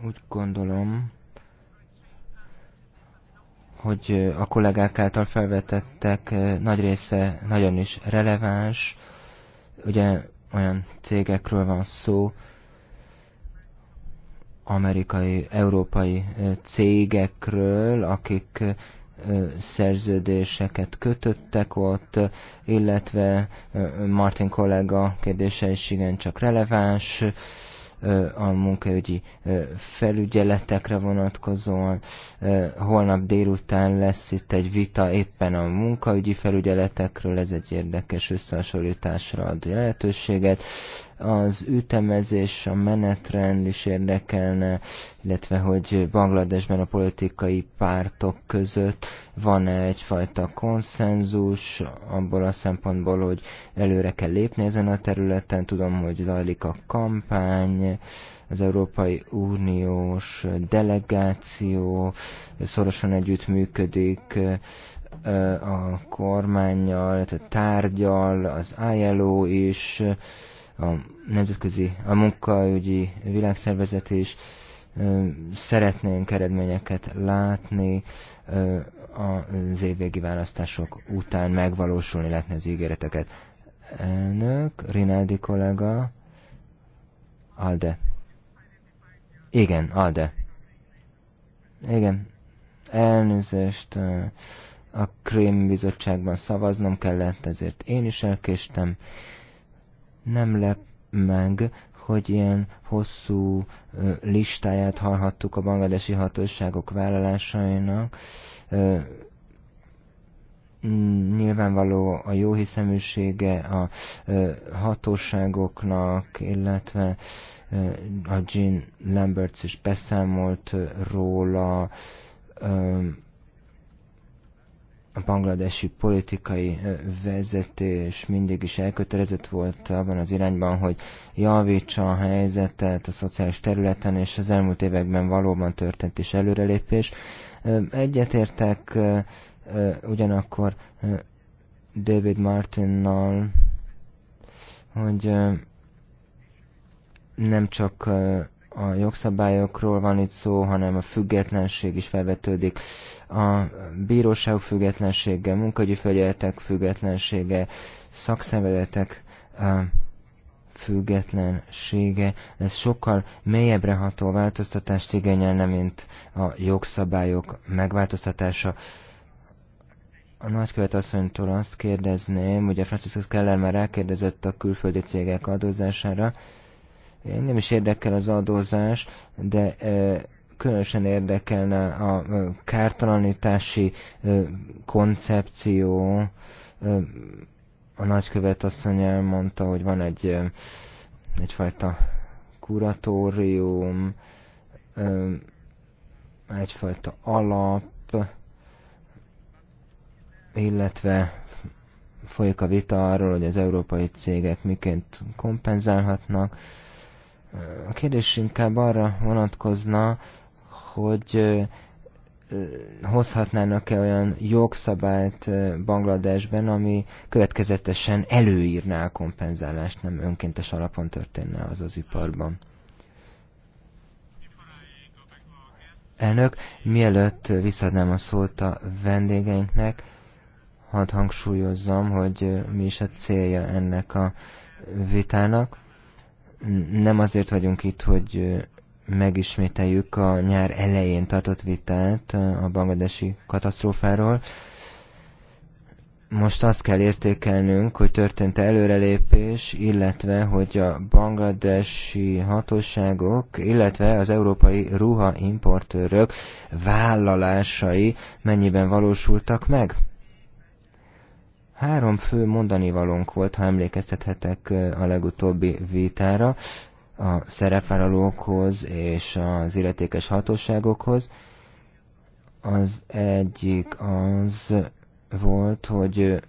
Úgy gondolom, hogy a kollégák által felvetettek eh, nagy része nagyon is releváns. Ugye olyan cégekről van szó, amerikai, európai eh, cégekről, akik eh, szerződéseket kötöttek ott, illetve Martin kollega kérdése is igencsak releváns a munkaügyi felügyeletekre vonatkozóan. Holnap délután lesz itt egy vita éppen a munkaügyi felügyeletekről, ez egy érdekes összehasonlításra ad lehetőséget az ütemezés, a menetrend is érdekelne, illetve hogy Bangladesben a politikai pártok között van-e egyfajta konszenzus abból a szempontból, hogy előre kell lépni ezen a területen. Tudom, hogy zajlik a kampány, az Európai Uniós delegáció szorosan együttműködik a kormányjal, tehát tárgyal, az ILO is, a nemzetközi, a munkaügyi világszervezet is, szeretnénk eredményeket látni az évvégi választások után megvalósulni lehetne az ígéreteket. Elnök, Rinaldi kollega, Alde. Igen, Alde. Igen, elnőzést a Krém bizottságban szavaznom kellett, ezért én is elkéstem nem lep meg, hogy ilyen hosszú listáját hallhattuk a bangladesi hatóságok vállalásainak. Nyilvánvaló a jó hiszeműsége a hatóságoknak, illetve a Jean Lamberts is beszámolt róla, a bangladesi politikai vezetés mindig is elkötelezett volt abban az irányban, hogy javítsa a helyzetet a szociális területen, és az elmúlt években valóban történt is előrelépés. Egyetértek ugyanakkor David Martinnal, hogy nem csak a jogszabályokról van itt szó, hanem a függetlenség is felvetődik a bíróság függetlensége, munkagyűfelületek függetlensége, szakszervezetek függetlensége, ez sokkal mélyebbre ható változtatást igényelne, mint a jogszabályok megváltoztatása. A nagykövet asszonytól azt kérdezném, ugye Franciscus Keller már rákérdezett a külföldi cégek adózására, én nem is érdekel az adózás, de Különösen érdekelne a kártalanítási koncepció. A nagykövet asszony elmondta, hogy van egy egyfajta kuratórium, egyfajta alap, illetve folyik a vita arról, hogy az európai cégek miként kompenzálhatnak. A kérdés inkább arra vonatkozna, hogy hozhatnának-e olyan jogszabályt Bangladesben, ami következetesen előírná a kompenzálást, nem önkéntes alapon történne az az iparban. Elnök, mielőtt visszadnám a szót a vendégeinknek, hadd hangsúlyozzam, hogy mi is a célja ennek a vitának. Nem azért vagyunk itt, hogy megismételjük a nyár elején tartott vitát a bangladesi katasztrófáról. Most azt kell értékelnünk, hogy történt előrelépés, illetve hogy a bangladesi hatóságok, illetve az európai ruhaimportőrök vállalásai mennyiben valósultak meg. Három fő mondani valónk volt, ha emlékeztethetek a legutóbbi vitára a szerepvállalókhoz és az illetékes hatóságokhoz. Az egyik az volt, hogy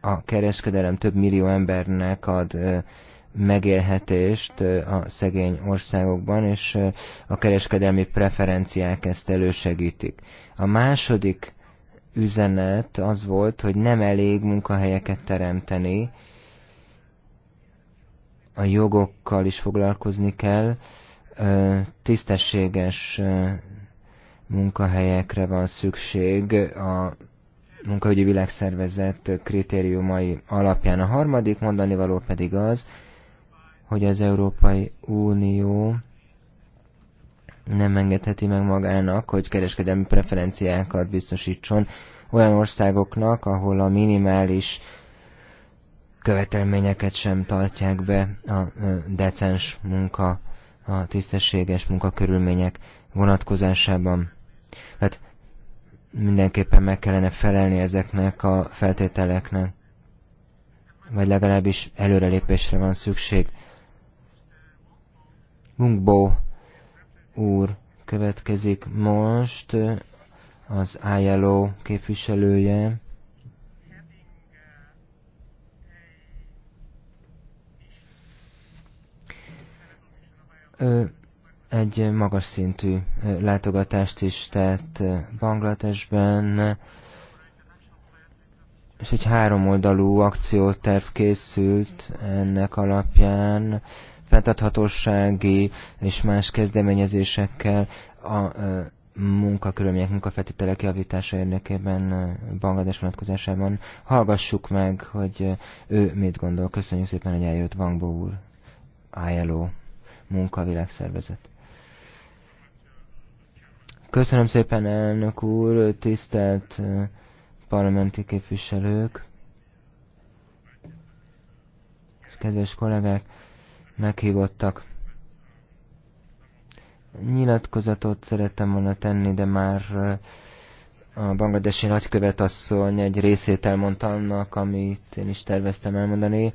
a kereskedelem több millió embernek ad megélhetést a szegény országokban, és a kereskedelmi preferenciák ezt elősegítik. A második üzenet az volt, hogy nem elég munkahelyeket teremteni, a jogokkal is foglalkozni kell, tisztességes munkahelyekre van szükség a munkahogyi világszervezet kritériumai alapján. A harmadik mondani való pedig az, hogy az Európai Unió nem engedheti meg magának, hogy kereskedelmi preferenciákat biztosítson olyan országoknak, ahol a minimális követelményeket sem tartják be a decens munka, a tisztességes munkakörülmények vonatkozásában. Tehát mindenképpen meg kellene felelni ezeknek a feltételeknek, vagy legalábbis előrelépésre van szükség. Munkbó úr következik most, az ILO képviselője. egy magas szintű látogatást is tett Bangladesben, és egy háromoldalú akcióterv készült ennek alapján, fenntarthatósági és más kezdeményezésekkel a munkakörülmények, munkafeltételek javítása érdekében Banglades vonatkozásában. Hallgassuk meg, hogy ő mit gondol. Köszönjük szépen, hogy eljött Bangbo úr. ILO munkavilágszervezet. Köszönöm szépen, elnök úr, tisztelt parlamenti képviselők, és kedves kollégák, meghívottak. Nyilatkozatot szerettem volna tenni, de már a bangladesi nagykövet asszony egy részét elmondta annak, amit én is terveztem elmondani.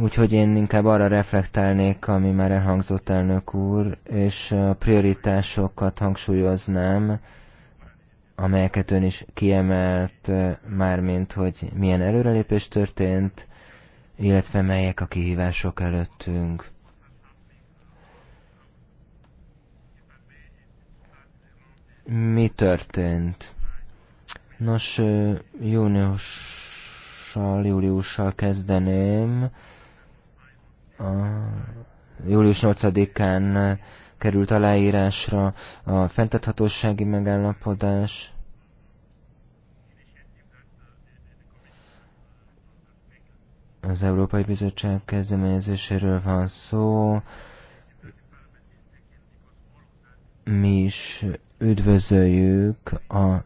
Úgyhogy én inkább arra reflektálnék, ami már elhangzott elnök úr, és a prioritásokat hangsúlyoznám, amelyeket ön is kiemelt, eh, mármint, hogy milyen előrelépés történt, illetve melyek a kihívások előttünk. Mi történt? Nos, eh, júniussal, júliussal kezdeném a július 8-án került aláírásra a fenntarthatósági megállapodás, az Európai Bizottság kezdeményezéséről van szó. Mi is üdvözöljük a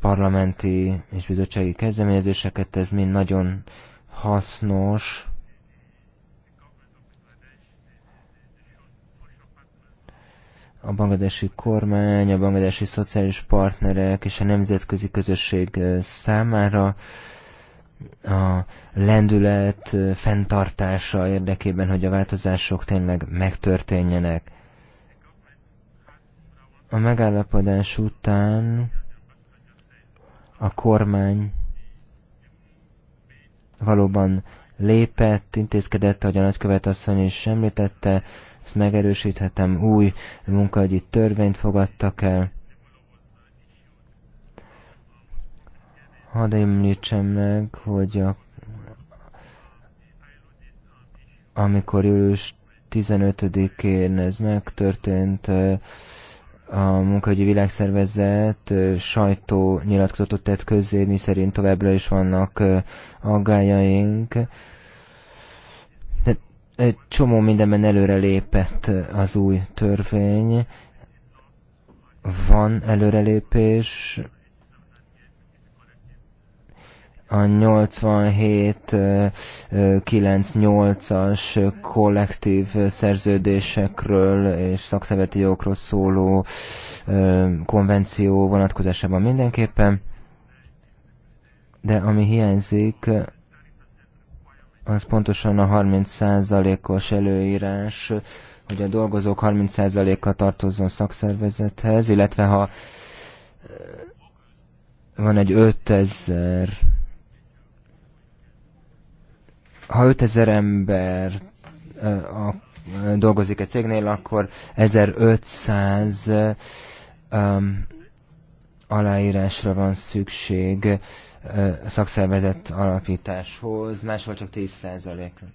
parlamenti és bizottsági kezdeményezéseket, ez mind nagyon hasznos a bangladesi kormány, a bangladesi szociális partnerek és a nemzetközi közösség számára a lendület fenntartása érdekében, hogy a változások tényleg megtörténjenek. A megállapodás után a kormány valóban lépett, intézkedett, ahogy a nagykövet asszony is említette, ezt megerősíthetem, új munkahogyi törvényt fogadtak el. Hadd említsem meg, hogy a, amikor július 15-én ez megtörtént, a munkahogyi világszervezet sajtó nyilatkozatot tett közzé, mi szerint továbbra is vannak aggájaink, egy csomó mindenben előrelépett az új törvény. Van előrelépés. A 87-98-as kollektív szerződésekről és szakszervezeti jogokról szóló konvenció vonatkozásában mindenképpen, de ami hiányzik, az pontosan a 30%-os előírás, hogy a dolgozók 30%-a tartozzon szakszervezethez, illetve ha van egy 5000 ha 5000 ember a, dolgozik egy cégnél, akkor 1500 um, aláírásra van szükség szakszervezet alapításhoz, máshol csak 10%-ra.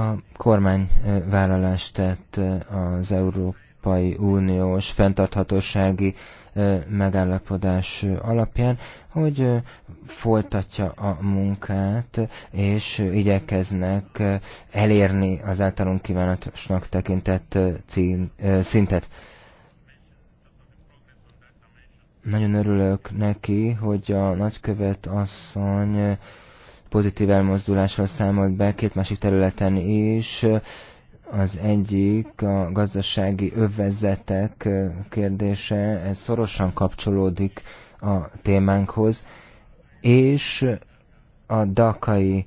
A kormány vállalást tett az Európai Uniós fenntarthatósági megállapodás alapján, hogy folytatja a munkát, és igyekeznek elérni az általunk kívánatosnak tekintett szintet. Nagyon örülök neki, hogy a nagykövet asszony pozitív elmozdulással számolt be két másik területen is. Az egyik a gazdasági övezetek kérdése, ez szorosan kapcsolódik a témánkhoz, és a dakai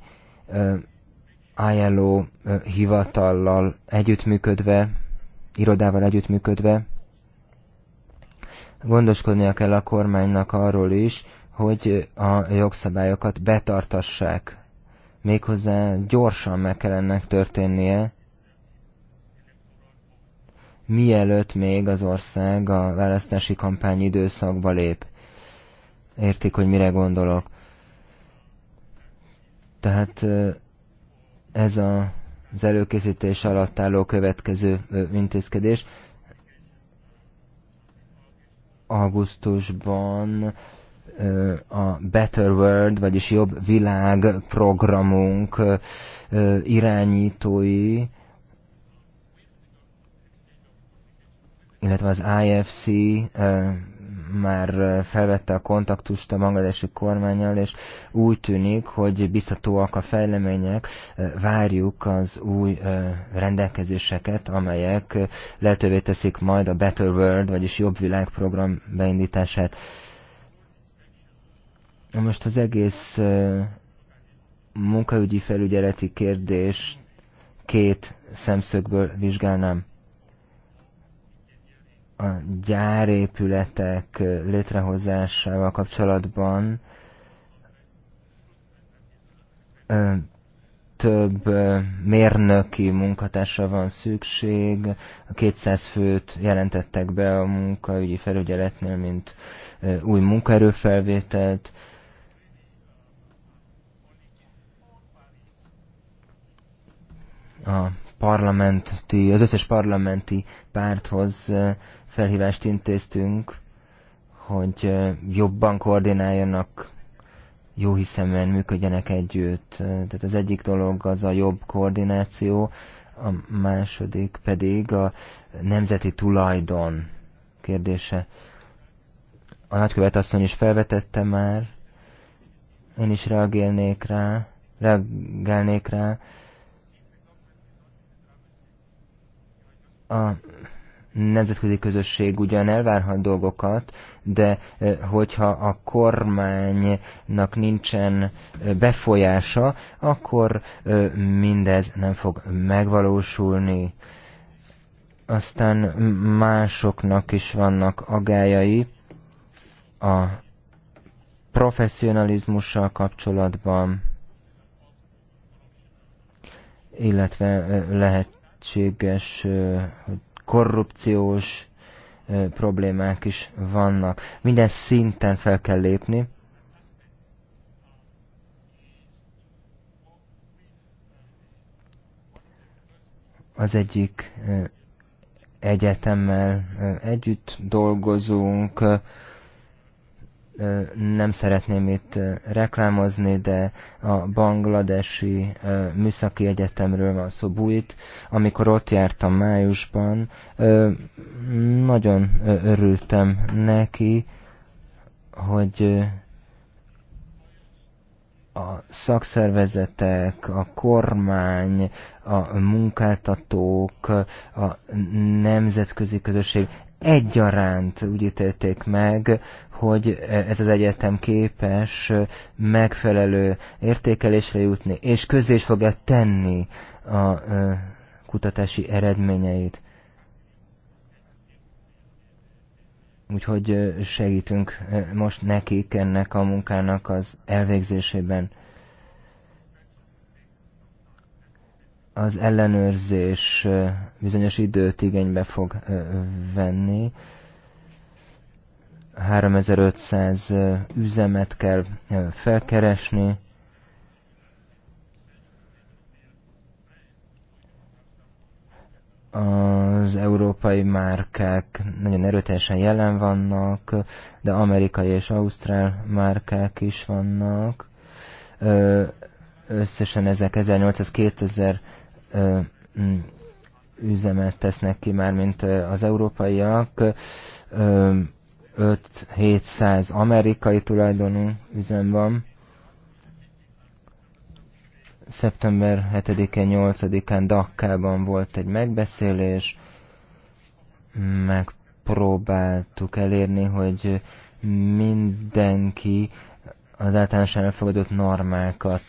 ILO hivatallal együttműködve, irodával együttműködve, Gondoskodnia kell a kormánynak arról is, hogy a jogszabályokat betartassák. Méghozzá gyorsan meg kell ennek történnie, mielőtt még az ország a választási kampány időszakba lép. Értik, hogy mire gondolok. Tehát ez a, az előkészítés alatt álló következő intézkedés augusztusban a Better World, vagyis Jobb Világ programunk irányítói, illetve az IFC már felvette a kontaktust a bangladesi kormányjal, és úgy tűnik, hogy biztatóak a fejlemények, várjuk az új rendelkezéseket, amelyek lehetővé teszik majd a Better World, vagyis Jobb Világ program beindítását. Most az egész munkaügyi felügyeleti kérdést két szemszögből vizsgálnám a gyárépületek létrehozásával kapcsolatban több mérnöki munkatársra van szükség. A 200 főt jelentettek be a munkaügyi felügyeletnél, mint új munkaerőfelvételt. A parlamenti, az összes parlamenti párthoz felhívást intéztünk, hogy jobban koordináljanak, jó hiszeműen működjenek együtt. Tehát az egyik dolog az a jobb koordináció, a második pedig a nemzeti tulajdon kérdése. A nagykövet asszony is felvetette már, én is reagálnék rá, reagálnék rá. A nemzetközi közösség ugyan elvárhat dolgokat, de eh, hogyha a kormánynak nincsen eh, befolyása, akkor eh, mindez nem fog megvalósulni. Aztán másoknak is vannak agályai a professzionalizmussal kapcsolatban, illetve lehetséges, hogy korrupciós problémák is vannak. Minden szinten fel kell lépni. Az egyik egyetemmel együtt dolgozunk, nem szeretném itt reklámozni, de a Bangladesi Műszaki Egyetemről van szó bújt. Amikor ott jártam májusban, nagyon örültem neki, hogy a szakszervezetek, a kormány, a munkáltatók, a nemzetközi közösség egyaránt úgy ítélték meg, hogy ez az egyetem képes megfelelő értékelésre jutni, és közé is fogja tenni a kutatási eredményeit. Úgyhogy segítünk most nekik ennek a munkának az elvégzésében. az ellenőrzés bizonyos időt igénybe fog venni. 3500 üzemet kell felkeresni. Az európai márkák nagyon erőteljesen jelen vannak, de amerikai és ausztrál márkák is vannak. Összesen ezek 1800-2000 üzemet tesznek ki már, mint az európaiak. 5-700 amerikai tulajdonú üzem van. Szeptember 7 én 8-án Dakkában volt egy megbeszélés, megpróbáltuk elérni, hogy mindenki az általánosan elfogadott normákat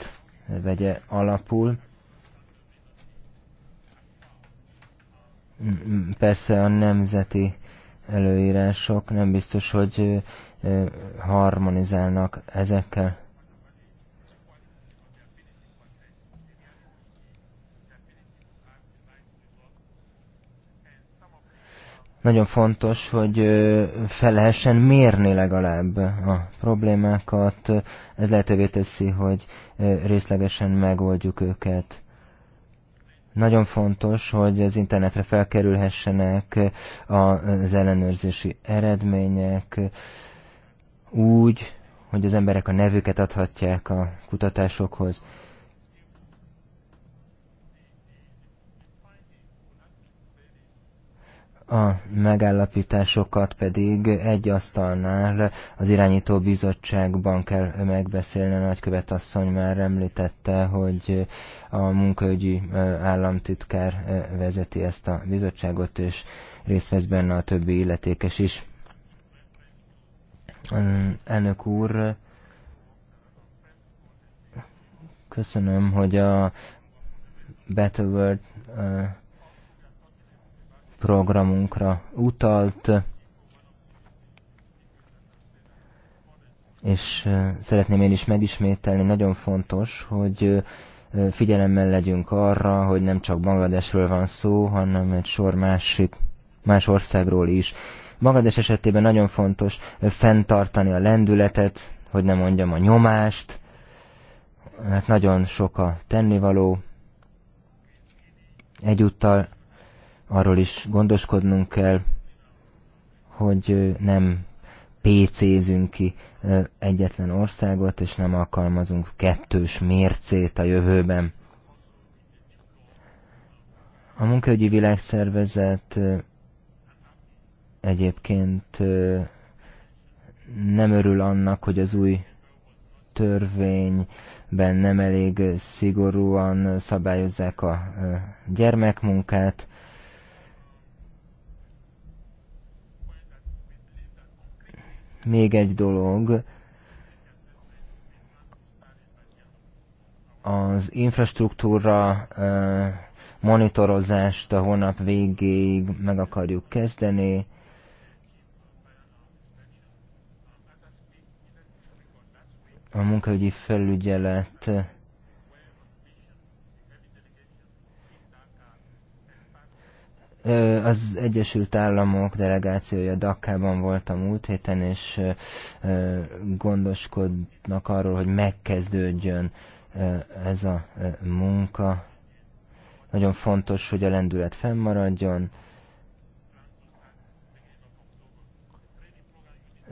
vegye alapul. Persze a nemzeti előírások nem biztos, hogy harmonizálnak ezekkel. Nagyon fontos, hogy fel lehessen mérni legalább a problémákat. Ez lehetővé teszi, hogy részlegesen megoldjuk őket. Nagyon fontos, hogy az internetre felkerülhessenek az ellenőrzési eredmények úgy, hogy az emberek a nevüket adhatják a kutatásokhoz. a megállapításokat pedig egy asztalnál az irányító bizottságban kell megbeszélni. A nagykövet asszony már említette, hogy a munkaügyi államtitkár vezeti ezt a bizottságot, és részt vesz benne a többi illetékes is. Elnök úr, köszönöm, hogy a Better World programunkra utalt, és szeretném én is megismételni, nagyon fontos, hogy figyelemmel legyünk arra, hogy nem csak Bangladesről van szó, hanem egy sor másik, más országról is. Bangladesh esetében nagyon fontos fenntartani a lendületet, hogy nem mondjam a nyomást, mert nagyon sok a tennivaló. Egyúttal arról is gondoskodnunk kell, hogy nem PC-zünk ki egyetlen országot, és nem alkalmazunk kettős mércét a jövőben. A munkaügyi világszervezet egyébként nem örül annak, hogy az új törvényben nem elég szigorúan szabályozzák a gyermekmunkát, Még egy dolog, az infrastruktúra monitorozást a hónap végéig meg akarjuk kezdeni. A munkaügyi felügyelet az Egyesült Államok delegációja Dakában volt a múlt héten, és gondoskodnak arról, hogy megkezdődjön ez a munka. Nagyon fontos, hogy a lendület fennmaradjon,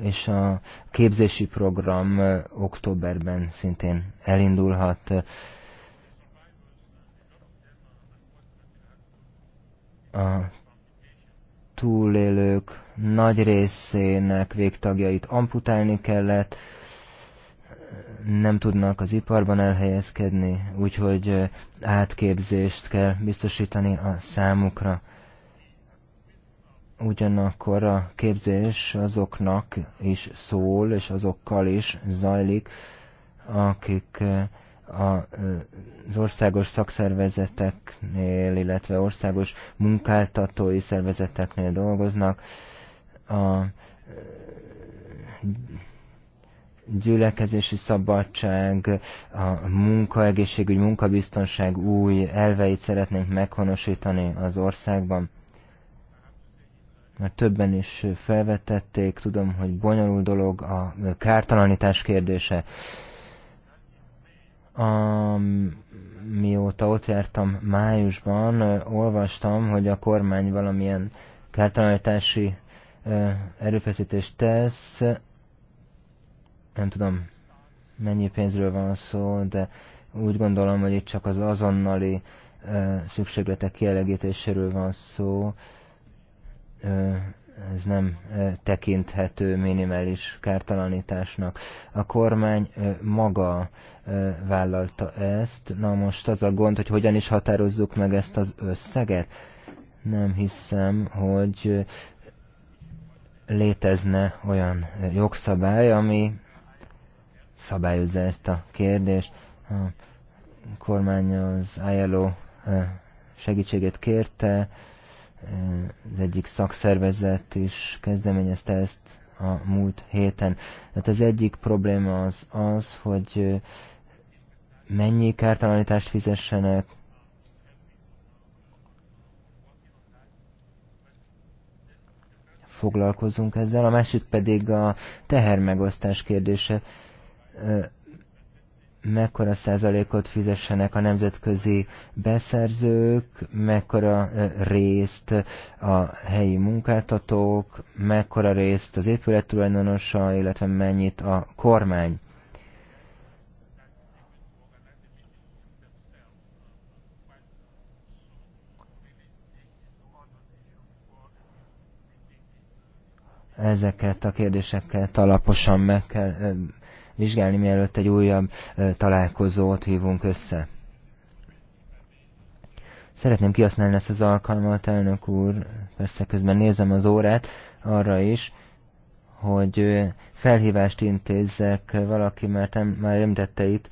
és a képzési program októberben szintén elindulhat. a túlélők nagy részének végtagjait amputálni kellett, nem tudnak az iparban elhelyezkedni, úgyhogy átképzést kell biztosítani a számukra. Ugyanakkor a képzés azoknak is szól, és azokkal is zajlik, akik az országos szakszervezeteknél, illetve országos munkáltatói szervezeteknél dolgoznak. A gyülekezési szabadság, a munkaegészségügy, munkabiztonság új elveit szeretnénk meghonosítani az országban. Mert többen is felvetették, tudom, hogy bonyolult dolog a kártalanítás kérdése Amióta ott jártam májusban, olvastam, hogy a kormány valamilyen kártalanítási erőfeszítést tesz. Nem tudom, mennyi pénzről van szó, de úgy gondolom, hogy itt csak az azonnali szükségletek kielegítéséről van szó ez nem tekinthető minimális kártalanításnak. A kormány maga vállalta ezt. Na most az a gond, hogy hogyan is határozzuk meg ezt az összeget? Nem hiszem, hogy létezne olyan jogszabály, ami szabályozza ezt a kérdést. A kormány az ILO segítségét kérte, az egyik szakszervezet is kezdeményezte ezt a múlt héten. Tehát az egyik probléma az az, hogy mennyi kártalanítást fizessenek, foglalkozunk ezzel, a másik pedig a tehermegosztás kérdése mekkora százalékot fizessenek a nemzetközi beszerzők, mekkora részt a helyi munkáltatók, mekkora részt az épület tulajdonosa, illetve mennyit a kormány. Ezeket a kérdéseket alaposan meg kell vizsgálni, mielőtt egy újabb találkozót hívunk össze. Szeretném kihasználni ezt az alkalmat, elnök úr, persze közben nézem az órát, arra is, hogy felhívást intézzek valaki, mert nem, már említette itt,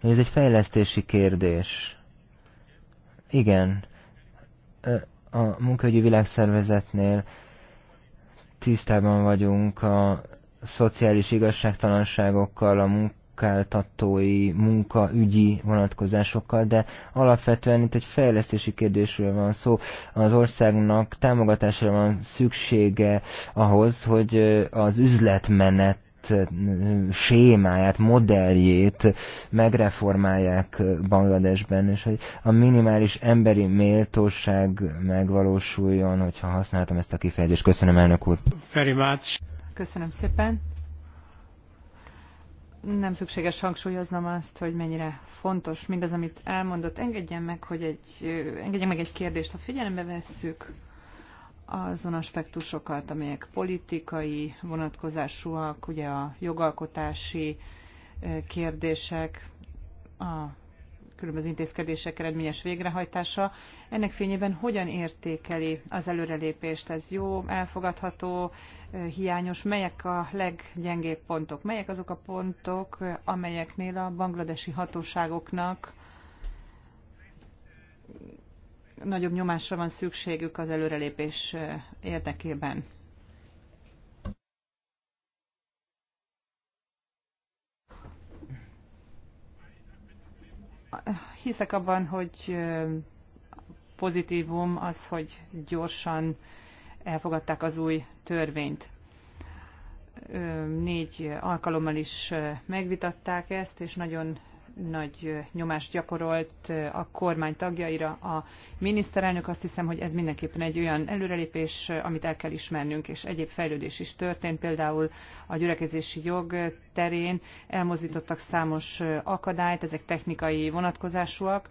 hogy ez egy fejlesztési kérdés. Igen, a munkahogyi világszervezetnél tisztában vagyunk a szociális igazságtalanságokkal, a munkáltatói, munkaügyi vonatkozásokkal, de alapvetően itt egy fejlesztési kérdésről van szó. Az országnak támogatásra van szüksége ahhoz, hogy az üzletmenet sémáját, modelljét megreformálják Bangladesben, és hogy a minimális emberi méltóság megvalósuljon, hogyha használtam ezt a kifejezést. Köszönöm, elnök úr. Very much. Köszönöm szépen. Nem szükséges hangsúlyoznom azt, hogy mennyire fontos mindaz, amit elmondott. Engedjen meg, hogy egy, engedjen meg egy kérdést, ha figyelembe vesszük azon aspektusokat, amelyek politikai vonatkozásúak, ugye a jogalkotási eh, kérdések, a különböző intézkedések eredményes végrehajtása. Ennek fényében hogyan értékeli az előrelépést? Ez jó, elfogadható, hiányos? Melyek a leggyengébb pontok? Melyek azok a pontok, amelyeknél a bangladesi hatóságoknak nagyobb nyomásra van szükségük az előrelépés érdekében? Hiszek abban, hogy pozitívum az, hogy gyorsan elfogadták az új törvényt. Négy alkalommal is megvitatták ezt, és nagyon nagy nyomást gyakorolt a kormány tagjaira a miniszterelnök. Azt hiszem, hogy ez mindenképpen egy olyan előrelépés, amit el kell ismernünk, és egyéb fejlődés is történt, például a gyülekezési jog terén elmozdítottak számos akadályt, ezek technikai vonatkozásúak.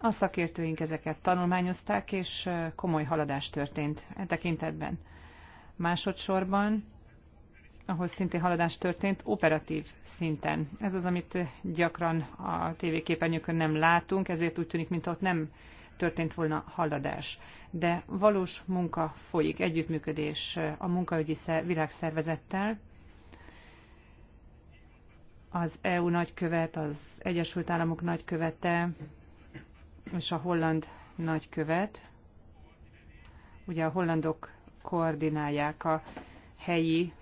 A szakértőink ezeket tanulmányozták, és komoly haladás történt e tekintetben. Másodszorban ahol szintén haladás történt operatív szinten. Ez az, amit gyakran a tévéképernyőkön nem látunk, ezért úgy tűnik, mintha ott nem történt volna haladás. De valós munka folyik, együttműködés a munkaügyi világszervezettel, az EU nagykövet, az Egyesült Államok nagykövete és a holland nagykövet. Ugye a hollandok koordinálják a helyi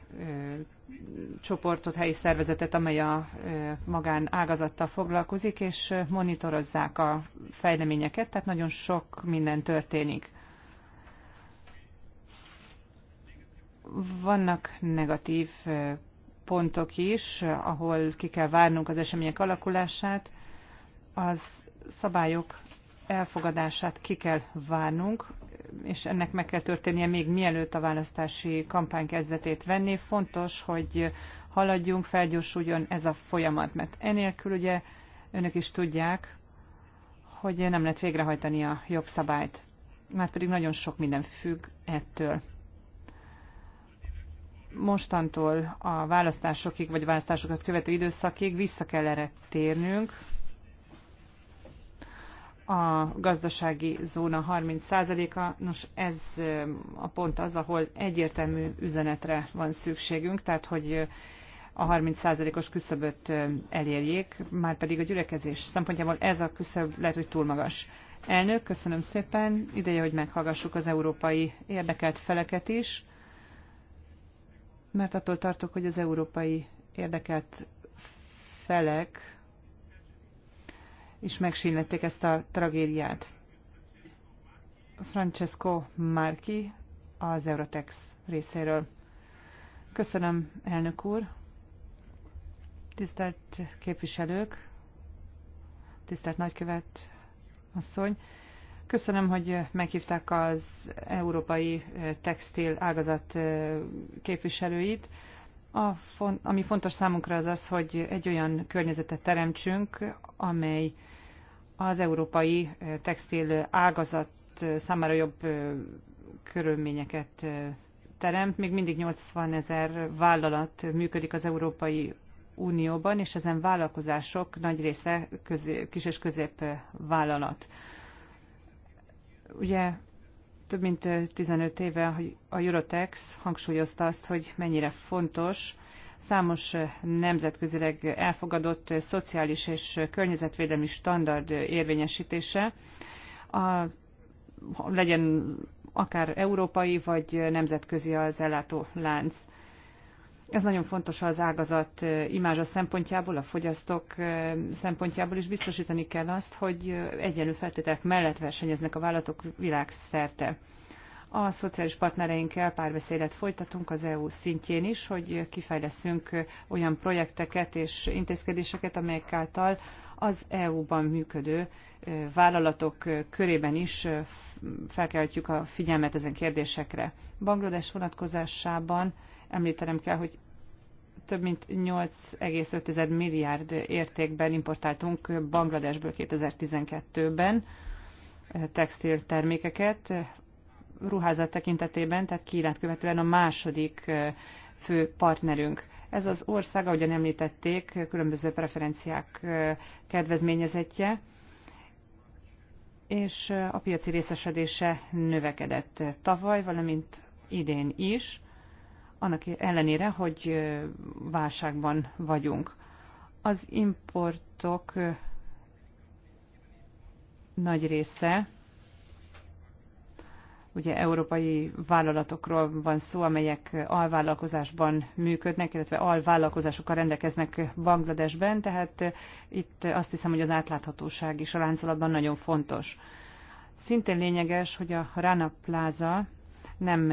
csoportot, helyi szervezetet, amely a magán ágazattal foglalkozik, és monitorozzák a fejleményeket, tehát nagyon sok minden történik. Vannak negatív pontok is, ahol ki kell várnunk az események alakulását, az szabályok elfogadását ki kell várnunk, és ennek meg kell történnie még mielőtt a választási kampány kezdetét venni. Fontos, hogy haladjunk, felgyorsuljon ez a folyamat, mert enélkül ugye önök is tudják, hogy nem lehet végrehajtani a jogszabályt. Már pedig nagyon sok minden függ ettől. Mostantól a választásokig, vagy a választásokat követő időszakig vissza kell erre térnünk, a gazdasági zóna 30%-a, nos ez a pont az, ahol egyértelmű üzenetre van szükségünk, tehát hogy a 30%-os küszöböt elérjék, már pedig a gyülekezés szempontjából ez a küszöb lehet, hogy túl magas. Elnök, köszönöm szépen, ideje, hogy meghallgassuk az európai érdekelt feleket is, mert attól tartok, hogy az európai érdekelt felek és megsínlették ezt a tragédiát. Francesco Marchi az Eurotex részéről. Köszönöm, elnök úr! Tisztelt képviselők, tisztelt nagykövet asszony! Köszönöm, hogy meghívták az európai textil ágazat képviselőit. A, ami fontos számunkra az az, hogy egy olyan környezetet teremtsünk, amely az európai textil ágazat számára jobb körülményeket teremt. Még mindig 80 ezer vállalat működik az Európai Unióban, és ezen vállalkozások nagy része közé, kis és közép vállalat. Ugye több mint 15 éve a Eurotex hangsúlyozta azt, hogy mennyire fontos, számos nemzetközileg elfogadott szociális és környezetvédelmi standard érvényesítése, a, legyen akár európai vagy nemzetközi az ellátó lánc. Ez nagyon fontos az ágazat imázsa szempontjából, a fogyasztók szempontjából is biztosítani kell azt, hogy egyenlő feltételek mellett versenyeznek a vállalatok világszerte a szociális partnereinkkel párbeszédet folytatunk az EU szintjén is, hogy kifejleszünk olyan projekteket és intézkedéseket, amelyek által az EU-ban működő vállalatok körében is felkeltjük a figyelmet ezen kérdésekre. Banglades vonatkozásában említenem kell, hogy több mint 8,5 milliárd értékben importáltunk Bangladesből 2012-ben textiltermékeket, ruházat tekintetében, tehát Kínát követően a második fő partnerünk. Ez az ország, ahogyan említették, különböző preferenciák kedvezményezetje, és a piaci részesedése növekedett tavaly, valamint idén is, annak ellenére, hogy válságban vagyunk. Az importok nagy része Ugye európai vállalatokról van szó, amelyek alvállalkozásban működnek, illetve alvállalkozásokkal rendelkeznek Bangladesben, tehát itt azt hiszem, hogy az átláthatóság is a láncolatban nagyon fontos. Szintén lényeges, hogy a Rana Plaza nem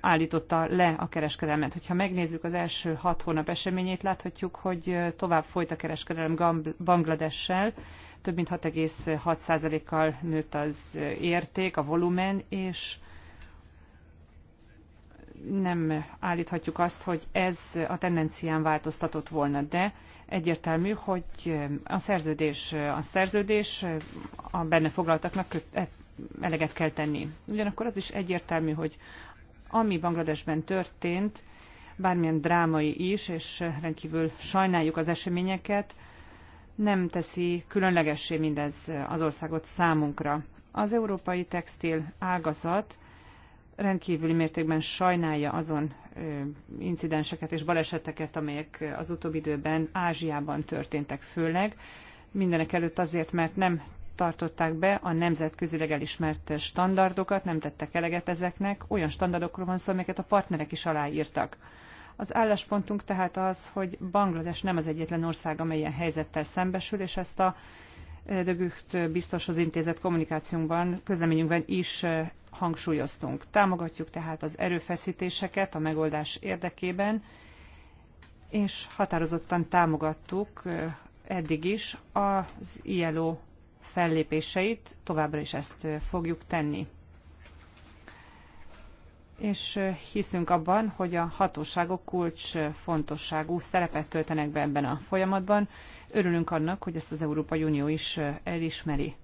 állította le a kereskedelmet. Hogyha megnézzük az első hat hónap eseményét, láthatjuk, hogy tovább folyt a kereskedelem Bangladessel, több mint 6,6%-kal nőtt az érték, a volumen, és nem állíthatjuk azt, hogy ez a tendencián változtatott volna, de egyértelmű, hogy a szerződés a szerződés, a benne foglaltaknak e, eleget kell tenni. Ugyanakkor az is egyértelmű, hogy ami Bangladesben történt, bármilyen drámai is, és rendkívül sajnáljuk az eseményeket, nem teszi különlegessé mindez az országot számunkra. Az európai textil ágazat rendkívüli mértékben sajnálja azon incidenseket és baleseteket, amelyek az utóbbi időben Ázsiában történtek főleg. Mindenek előtt azért, mert nem tartották be a nemzetközileg elismert standardokat, nem tettek eleget ezeknek, olyan standardokról van szó, amelyeket a partnerek is aláírtak. Az álláspontunk tehát az, hogy Banglades nem az egyetlen ország, amely ilyen helyzettel szembesül, és ezt a de Gücht biztos az intézet kommunikációnkban, közleményünkben is eh, hangsúlyoztunk. Támogatjuk tehát az erőfeszítéseket a megoldás érdekében, és határozottan támogattuk eh, eddig is az ILO fellépéseit, továbbra is ezt eh, fogjuk tenni és hiszünk abban, hogy a hatóságok kulcs fontosságú szerepet töltenek be ebben a folyamatban. Örülünk annak, hogy ezt az Európai Unió is elismeri.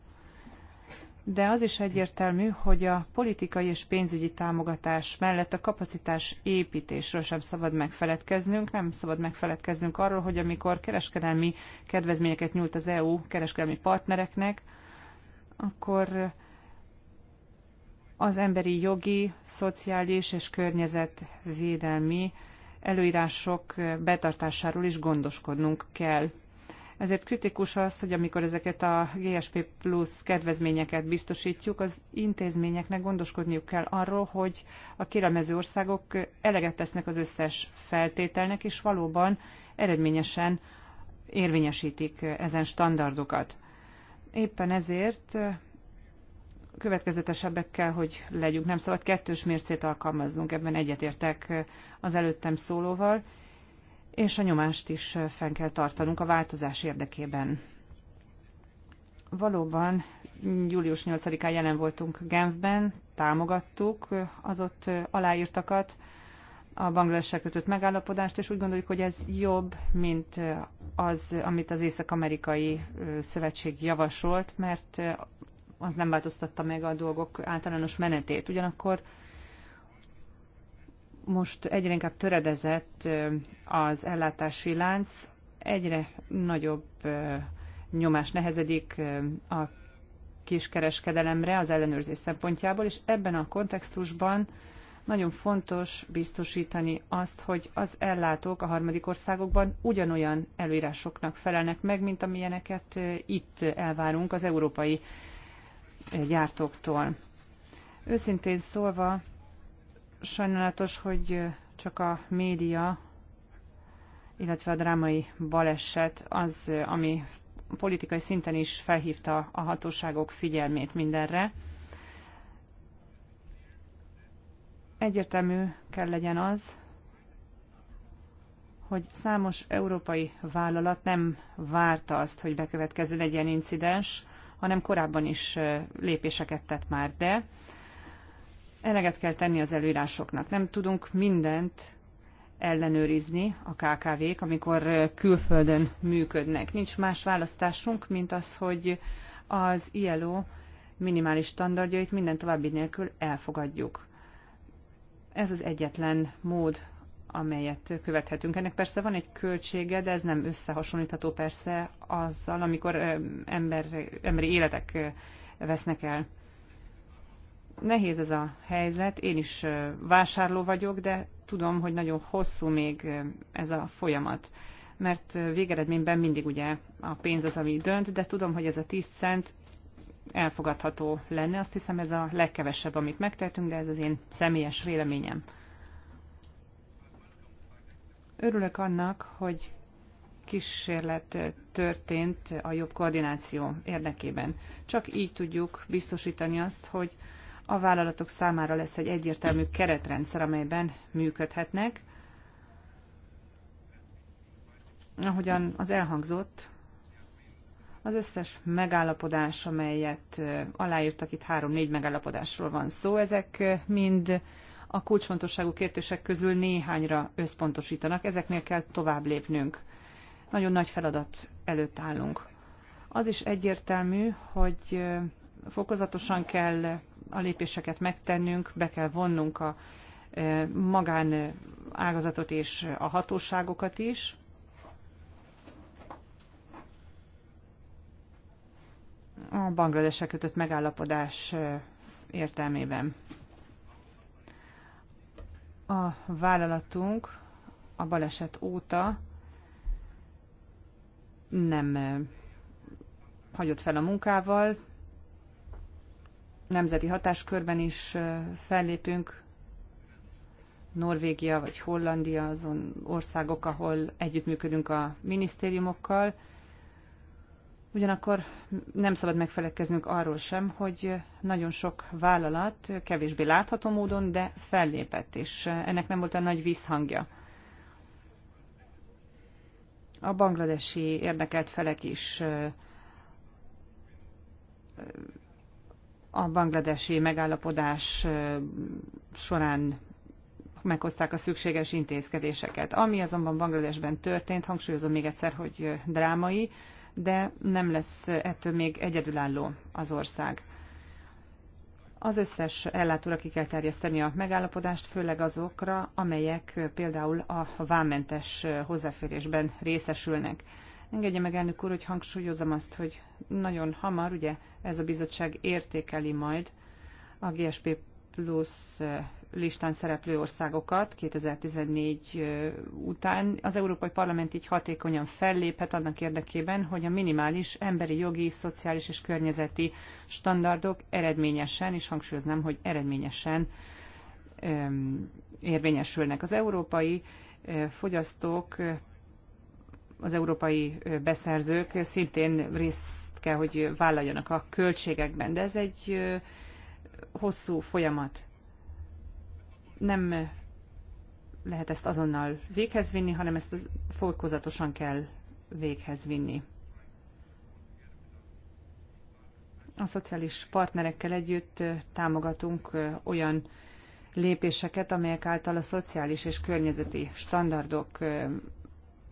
De az is egyértelmű, hogy a politikai és pénzügyi támogatás mellett a kapacitás építésről sem szabad megfeledkeznünk, nem szabad megfeledkeznünk arról, hogy amikor kereskedelmi kedvezményeket nyújt az EU kereskedelmi partnereknek, akkor az emberi jogi, szociális és környezetvédelmi előírások betartásáról is gondoskodnunk kell. Ezért kritikus az, hogy amikor ezeket a GSP plusz kedvezményeket biztosítjuk, az intézményeknek gondoskodniuk kell arról, hogy a kérelmező országok eleget tesznek az összes feltételnek, és valóban eredményesen érvényesítik ezen standardokat. Éppen ezért következetesebbek kell, hogy legyünk. Nem szabad kettős mércét alkalmaznunk, ebben egyetértek az előttem szólóval, és a nyomást is fenn kell tartanunk a változás érdekében. Valóban július 8-án jelen voltunk Genfben, támogattuk az ott aláírtakat, a Bangladessel kötött megállapodást, és úgy gondoljuk, hogy ez jobb, mint az, amit az Észak-Amerikai Szövetség javasolt, mert az nem változtatta meg a dolgok általános menetét. Ugyanakkor most egyre inkább töredezett az ellátási lánc, egyre nagyobb nyomás nehezedik a kiskereskedelemre az ellenőrzés szempontjából, és ebben a kontextusban nagyon fontos biztosítani azt, hogy az ellátók a harmadik országokban ugyanolyan előírásoknak felelnek meg, mint amilyeneket itt elvárunk az európai gyártóktól. Őszintén szólva, sajnálatos, hogy csak a média, illetve a drámai baleset az, ami politikai szinten is felhívta a hatóságok figyelmét mindenre. Egyértelmű kell legyen az, hogy számos európai vállalat nem várta azt, hogy bekövetkezzen egy ilyen incidens, hanem korábban is lépéseket tett már, de eleget kell tenni az előírásoknak. Nem tudunk mindent ellenőrizni a KKV-k, amikor külföldön működnek. Nincs más választásunk, mint az, hogy az ILO minimális standardjait minden további nélkül elfogadjuk. Ez az egyetlen mód amelyet követhetünk. Ennek persze van egy költsége, de ez nem összehasonlítható persze azzal, amikor ember, emberi életek vesznek el. Nehéz ez a helyzet, én is vásárló vagyok, de tudom, hogy nagyon hosszú még ez a folyamat. Mert végeredményben mindig ugye a pénz az, ami dönt, de tudom, hogy ez a 10 cent elfogadható lenne. Azt hiszem ez a legkevesebb, amit megtettünk, de ez az én személyes véleményem. Örülök annak, hogy kísérlet történt a jobb koordináció érdekében. Csak így tudjuk biztosítani azt, hogy a vállalatok számára lesz egy egyértelmű keretrendszer, amelyben működhetnek. Ahogyan az elhangzott, az összes megállapodás, amelyet aláírtak, itt három-négy megállapodásról van szó, ezek mind a kulcsfontosságú kérdések közül néhányra összpontosítanak, ezeknél kell tovább lépnünk. Nagyon nagy feladat előtt állunk. Az is egyértelmű, hogy fokozatosan kell a lépéseket megtennünk, be kell vonnunk a magán ágazatot és a hatóságokat is. A Bangladesek kötött megállapodás értelmében. A vállalatunk a baleset óta nem hagyott fel a munkával, nemzeti hatáskörben is fellépünk, Norvégia vagy Hollandia azon országok, ahol együttműködünk a minisztériumokkal, Ugyanakkor nem szabad megfelelkeznünk arról sem, hogy nagyon sok vállalat kevésbé látható módon, de fellépett, és ennek nem volt a nagy visszhangja. A bangladesi érdekelt felek is a bangladesi megállapodás során meghozták a szükséges intézkedéseket. Ami azonban Bangladesben történt, hangsúlyozom még egyszer, hogy drámai, de nem lesz ettől még egyedülálló az ország. Az összes ellátóra ki kell terjeszteni a megállapodást, főleg azokra, amelyek például a vámmentes hozzáférésben részesülnek. Engedje meg, elnök úr, hogy hangsúlyozom azt, hogy nagyon hamar, ugye ez a bizottság értékeli majd a GSP plusz eh, listán szereplő országokat 2014 eh, után. Az Európai Parlament így hatékonyan felléphet annak érdekében, hogy a minimális emberi jogi, szociális és környezeti standardok eredményesen, és hangsúlyoznám, hogy eredményesen érvényesülnek. Az európai eh, fogyasztók, az európai beszerzők szintén részt kell, hogy vállaljanak a költségekben, de ez egy hosszú folyamat. Nem lehet ezt azonnal véghez vinni, hanem ezt fokozatosan kell véghez vinni. A szociális partnerekkel együtt támogatunk olyan lépéseket, amelyek által a szociális és környezeti standardok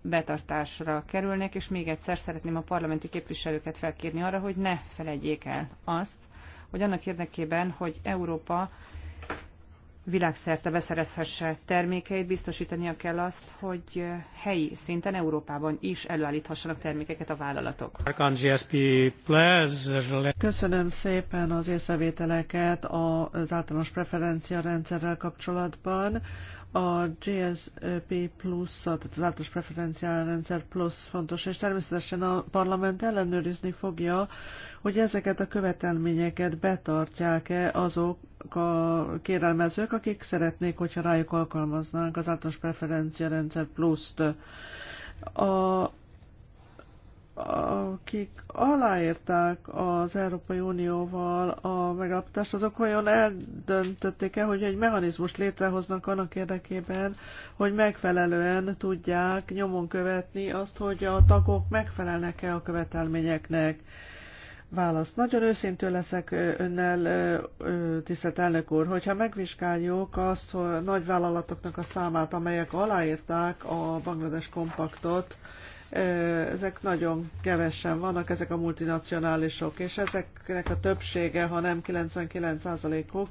betartásra kerülnek, és még egyszer szeretném a parlamenti képviselőket felkérni arra, hogy ne felejtjék el azt, hogy annak érdekében, hogy Európa világszerte beszerezhesse termékeit, biztosítania kell azt, hogy helyi szinten Európában is előállíthassanak termékeket a vállalatok. Köszönöm szépen az észrevételeket az általános preferencia rendszerrel kapcsolatban a GSP plusz, tehát az általános preferenciál rendszer plusz fontos, és természetesen a parlament ellenőrizni fogja, hogy ezeket a követelményeket betartják-e azok a kérelmezők, akik szeretnék, hogyha rájuk alkalmaznánk az általános preferencia rendszer pluszt. A akik aláírták az Európai Unióval a megállapodást, azok olyan eldöntötték-e, hogy egy mechanizmust létrehoznak annak érdekében, hogy megfelelően tudják nyomon követni azt, hogy a tagok megfelelnek-e a követelményeknek. Válasz. Nagyon őszintő leszek önnel, tisztelt elnök úr, hogyha megvizsgáljuk azt, hogy nagy vállalatoknak a számát, amelyek aláírták a Banglades kompaktot, ezek nagyon kevesen vannak, ezek a multinacionálisok, és ezeknek a többsége, ha nem 99%-uk,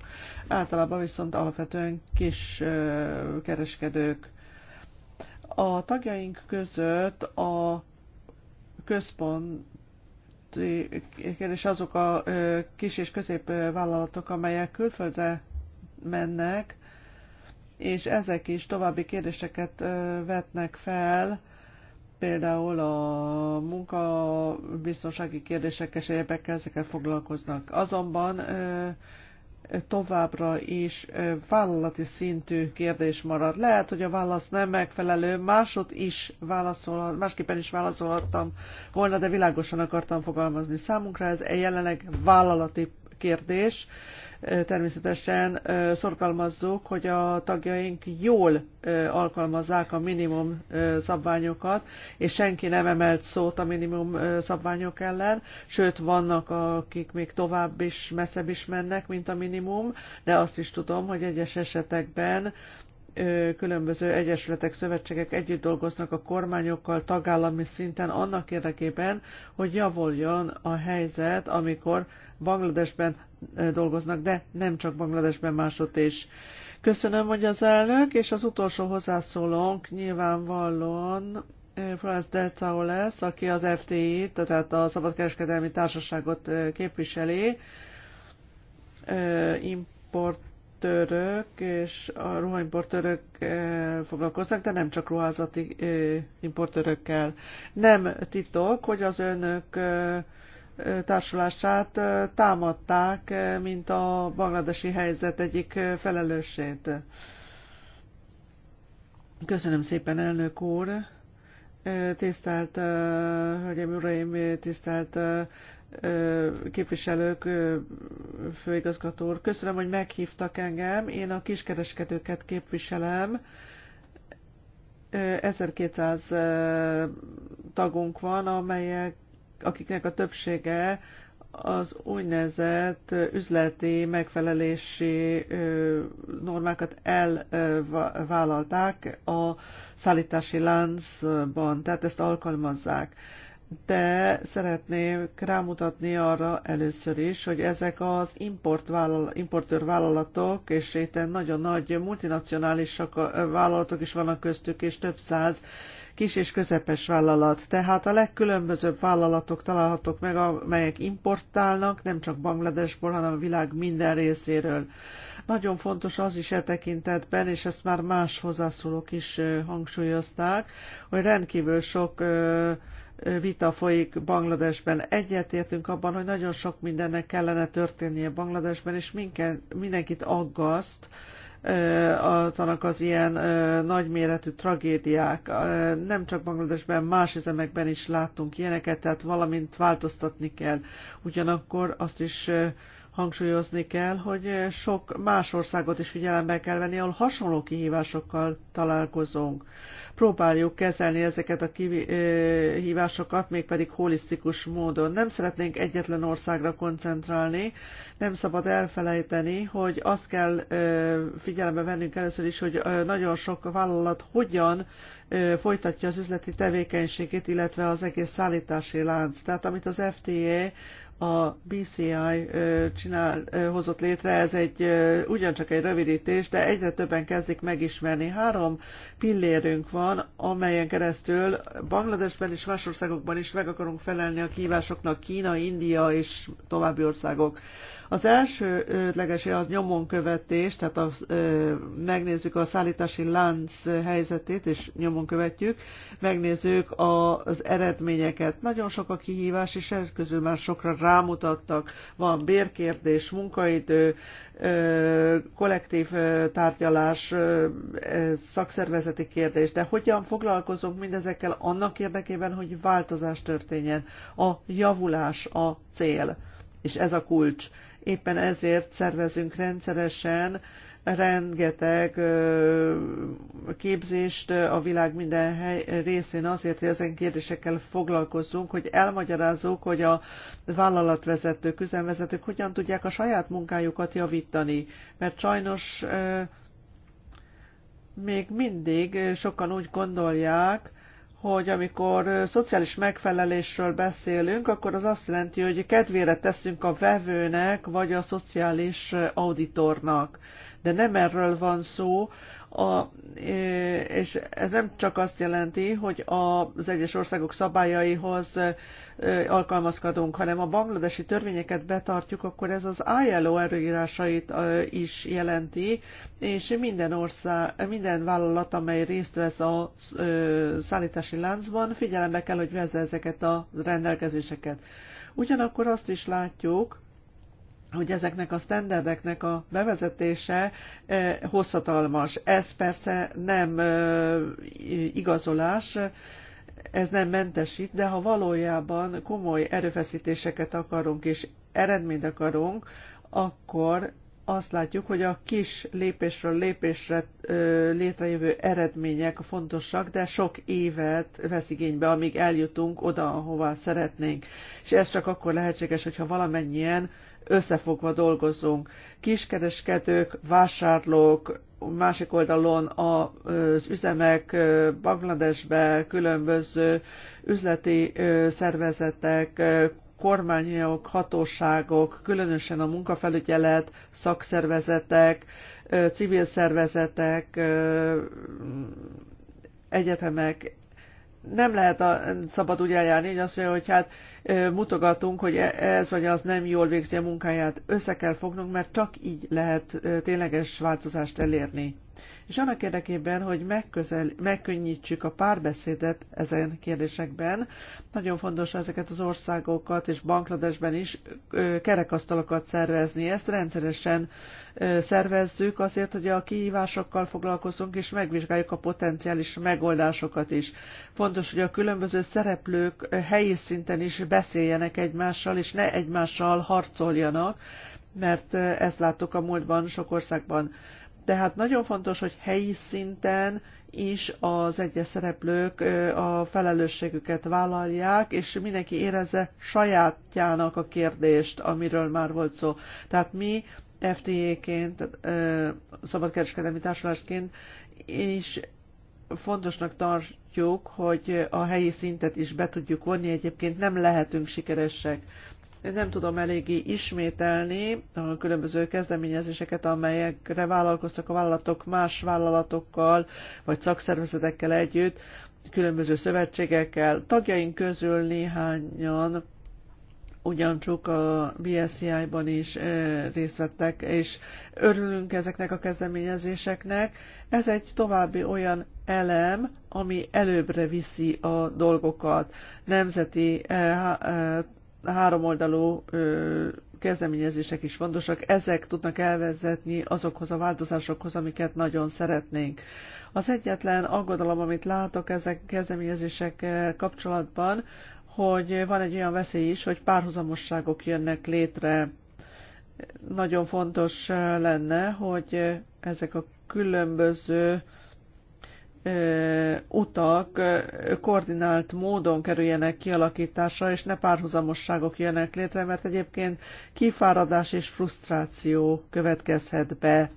általában viszont alapvetően kis kereskedők. A tagjaink között a központ és azok a kis és középvállalatok, amelyek külföldre mennek, és ezek is további kérdéseket vetnek fel, például a munkabiztonsági kérdések és érdekkel ezekkel foglalkoznak. Azonban továbbra is vállalati szintű kérdés marad. Lehet, hogy a válasz nem megfelelő, másod is válaszolhat, másképpen is válaszolhattam volna, de világosan akartam fogalmazni. Számunkra ez egy jelenleg vállalati kérdés, természetesen szorgalmazzuk, hogy a tagjaink jól alkalmazzák a minimum szabványokat, és senki nem emelt szót a minimum szabványok ellen, sőt vannak, akik még tovább is, messzebb is mennek, mint a minimum, de azt is tudom, hogy egyes esetekben különböző egyesületek, szövetségek együtt dolgoznak a kormányokkal tagállami szinten annak érdekében, hogy javuljon a helyzet, amikor Bangladesben eh, dolgoznak, de nem csak Bangladesben, másot is. Köszönöm, hogy az elnök, és az utolsó hozzászólónk nyilvánvalóan eh, Franz Delcao lesz, aki az FTI, tehát a Szabadkereskedelmi Társaságot eh, képviseli, importőrök és a ruhaimportőrök foglalkoznak, de nem csak ruházati importőrökkel. Nem titok, hogy az önök társulását támadták, mint a bangladesi helyzet egyik felelősét. Köszönöm szépen, elnök úr! Tisztelt Hölgyeim, Uraim, tisztelt képviselők, főigazgató úr, köszönöm, hogy meghívtak engem. Én a kiskereskedőket képviselem. 1200 tagunk van, amelyek akiknek a többsége az úgynevezett üzleti megfelelési normákat elvállalták a szállítási láncban, tehát ezt alkalmazzák. De szeretném rámutatni arra először is, hogy ezek az importőrvállalatok, és itt nagyon nagy multinacionális vállalatok is vannak köztük, és több száz kis és közepes vállalat. Tehát a legkülönbözőbb vállalatok találhatók meg, amelyek importálnak, nem csak Bangladesból, hanem a világ minden részéről. Nagyon fontos az is e tekintetben, és ezt már más hozzászólók is hangsúlyozták, hogy rendkívül sok vita folyik Bangladesben. Egyetértünk abban, hogy nagyon sok mindennek kellene történnie Bangladesben, és minket, mindenkit aggaszt, tanak az ilyen nagyméretű tragédiák. Nem csak Bangladesben, más üzemekben is láttunk ilyeneket, tehát valamint változtatni kell. Ugyanakkor azt is hangsúlyozni kell, hogy sok más országot is figyelembe kell venni, ahol hasonló kihívásokkal találkozunk próbáljuk kezelni ezeket a kihívásokat, mégpedig holisztikus módon. Nem szeretnénk egyetlen országra koncentrálni, nem szabad elfelejteni, hogy azt kell figyelembe vennünk először is, hogy nagyon sok vállalat hogyan folytatja az üzleti tevékenységét, illetve az egész szállítási lánc. Tehát amit az FTA a BCI csinál, hozott létre, ez egy ugyancsak egy rövidítés, de egyre többen kezdik megismerni. Három pillérünk van, amelyen keresztül Bangladesben és más országokban is meg akarunk felelni a kívásoknak Kína, India és további országok. Az elsőleges az nyomon követés, tehát a, ö, megnézzük a szállítási lánc helyzetét, és nyomon követjük, megnézzük a, az eredményeket. Nagyon sok a kihívás, és ez közül már sokra rámutattak. Van bérkérdés, munkaidő, ö, kollektív ö, tárgyalás, ö, szakszervezeti kérdés, de hogyan foglalkozunk mindezekkel annak érdekében, hogy változás történjen. A javulás a cél, és ez a kulcs Éppen ezért szervezünk rendszeresen rengeteg képzést a világ minden hely, részén azért, hogy ezen kérdésekkel foglalkozzunk, hogy elmagyarázzuk, hogy a vállalatvezetők, üzemvezetők hogyan tudják a saját munkájukat javítani. Mert sajnos még mindig sokan úgy gondolják, hogy amikor szociális megfelelésről beszélünk, akkor az azt jelenti, hogy kedvére teszünk a vevőnek, vagy a szociális auditornak de nem erről van szó, a, és ez nem csak azt jelenti, hogy az egyes országok szabályaihoz alkalmazkodunk, hanem a bangladesi törvényeket betartjuk, akkor ez az ILO erőírásait is jelenti, és minden, ország, minden vállalat, amely részt vesz a szállítási láncban, figyelembe kell, hogy vezze ezeket a rendelkezéseket. Ugyanakkor azt is látjuk, hogy ezeknek a standardeknek a bevezetése eh, hosszatalmas. Ez persze nem eh, igazolás, ez nem mentesít, de ha valójában komoly erőfeszítéseket akarunk és eredményt akarunk, akkor azt látjuk, hogy a kis lépésről lépésre eh, létrejövő eredmények fontosak, de sok évet vesz igénybe, amíg eljutunk oda, ahova szeretnénk. És ez csak akkor lehetséges, hogyha valamennyien összefogva dolgozzunk. Kiskereskedők, vásárlók, másik oldalon az üzemek Bangladesbe különböző üzleti szervezetek, kormányok, hatóságok, különösen a munkafelügyelet, szakszervezetek, civil szervezetek, egyetemek nem lehet a, szabad úgy eljárni, hogy azt mondja, hogy hát mutogatunk, hogy e, ez vagy az nem jól végzi a munkáját. Össze kell fognunk, mert csak így lehet tényleges változást elérni. És annak érdekében, hogy megközel, megkönnyítsük a párbeszédet ezen kérdésekben, nagyon fontos ezeket az országokat és Bangladesben is kerekasztalokat szervezni. Ezt rendszeresen szervezzük azért, hogy a kihívásokkal foglalkozunk és megvizsgáljuk a potenciális megoldásokat is. Fontos, hogy a különböző szereplők helyi szinten is beszéljenek egymással, és ne egymással harcoljanak, mert ezt láttuk a múltban sok országban. Tehát nagyon fontos, hogy helyi szinten is az egyes szereplők a felelősségüket vállalják, és mindenki érezze sajátjának a kérdést, amiről már volt szó. Tehát mi FTA-ként, szabadkereskedelmi társulásként is fontosnak tartjuk, hogy a helyi szintet is be tudjuk vonni, egyébként nem lehetünk sikeresek nem tudom eléggé ismételni a különböző kezdeményezéseket, amelyekre vállalkoztak a vállalatok más vállalatokkal vagy szakszervezetekkel együtt, különböző szövetségekkel. Tagjaink közül néhányan ugyancsak a BSCI-ban is részt vettek, és örülünk ezeknek a kezdeményezéseknek. Ez egy további olyan elem, ami előbbre viszi a dolgokat. Nemzeti eh, eh, háromoldalú kezdeményezések is fontosak, ezek tudnak elvezetni azokhoz a változásokhoz, amiket nagyon szeretnénk. Az egyetlen aggodalom, amit látok ezek kezdeményezések kapcsolatban, hogy van egy olyan veszély is, hogy párhuzamosságok jönnek létre. Nagyon fontos lenne, hogy ezek a különböző utak koordinált módon kerüljenek kialakításra, és ne párhuzamosságok jönnek létre, mert egyébként kifáradás és frusztráció következhet be.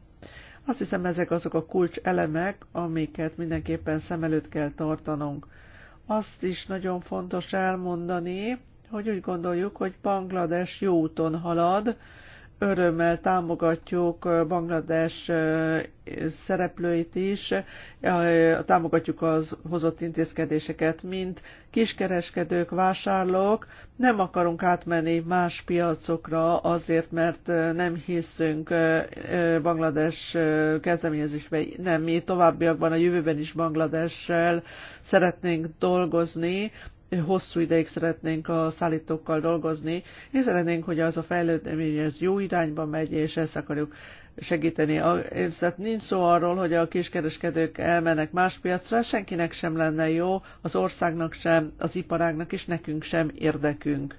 Azt hiszem, ezek azok a kulcs elemek, amiket mindenképpen szem előtt kell tartanunk. Azt is nagyon fontos elmondani, hogy úgy gondoljuk, hogy Banglades jó úton halad, örömmel támogatjuk Banglades szereplőit is, támogatjuk az hozott intézkedéseket, mint kiskereskedők, vásárlók, nem akarunk átmenni más piacokra azért, mert nem hiszünk Banglades kezdeményezésbe. Nem, mi továbbiakban a jövőben is Bangladessel szeretnénk dolgozni, hosszú ideig szeretnénk a szállítókkal dolgozni, és szeretnénk, hogy az a fejlődmény ez jó irányba megy, és ezt akarjuk segíteni. Tehát nincs szó arról, hogy a kiskereskedők elmennek más piacra, senkinek sem lenne jó, az országnak sem, az iparágnak is, nekünk sem érdekünk.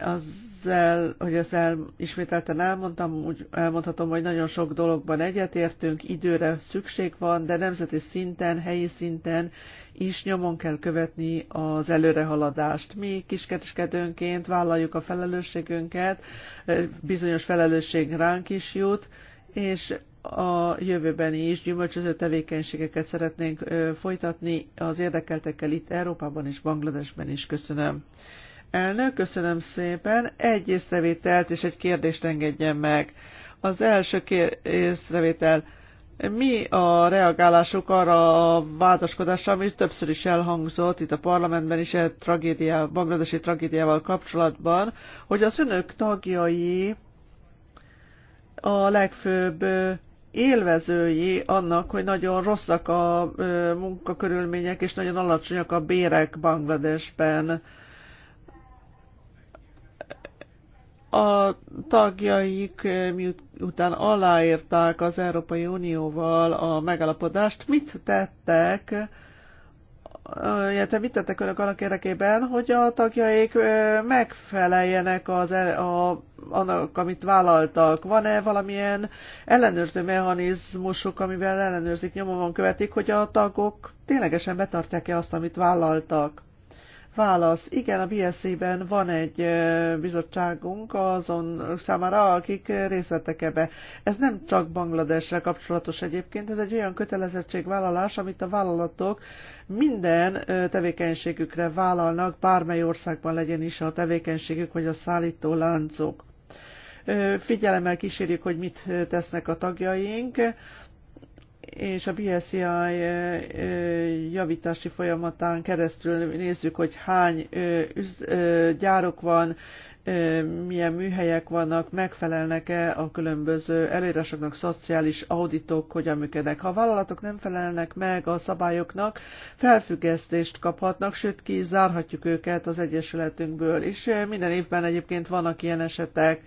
Az ezzel, hogy ezt el, ismételten elmondtam, úgy elmondhatom, hogy nagyon sok dologban egyetértünk, időre szükség van, de nemzeti szinten, helyi szinten is nyomon kell követni az előrehaladást. Mi kiskereskedőnként vállaljuk a felelősségünket, bizonyos felelősség ránk is jut, és a jövőben is gyümölcsöző tevékenységeket szeretnénk folytatni az érdekeltekkel itt Európában és Bangladesben is. Köszönöm. Elnök, köszönöm szépen. Egy észrevételt és egy kérdést engedjen meg. Az első kér- észrevétel. Mi a reagálásuk arra a vádaskodásra, ami többször is elhangzott itt a parlamentben is, egy tragédia, bangladesi tragédiával kapcsolatban, hogy az önök tagjai a legfőbb élvezői annak, hogy nagyon rosszak a munkakörülmények és nagyon alacsonyak a bérek Bangladesben a tagjaik eh, miután aláírták az Európai Unióval a megalapodást, mit tettek, eh, illetve mit tettek önök annak érdekében, hogy a tagjaik eh, megfeleljenek az, e- a, annak, amit vállaltak? Van-e valamilyen ellenőrző mechanizmusuk, amivel ellenőrzik, nyomon követik, hogy a tagok ténylegesen betartják-e azt, amit vállaltak? Válasz. Igen, a BSZ-ben van egy bizottságunk azon számára, akik részt vettek ebbe. Ez nem csak Bangladesre kapcsolatos egyébként, ez egy olyan kötelezettségvállalás, amit a vállalatok minden tevékenységükre vállalnak, bármely országban legyen is a tevékenységük vagy a szállító láncok. Figyelemmel kísérjük, hogy mit tesznek a tagjaink és a BSCI javítási folyamatán keresztül nézzük, hogy hány gyárok van, milyen műhelyek vannak, megfelelnek-e a különböző előírásoknak, szociális auditok hogyan működnek. Ha a vállalatok nem felelnek meg a szabályoknak, felfüggesztést kaphatnak, sőt ki zárhatjuk őket az Egyesületünkből. És minden évben egyébként vannak ilyen esetek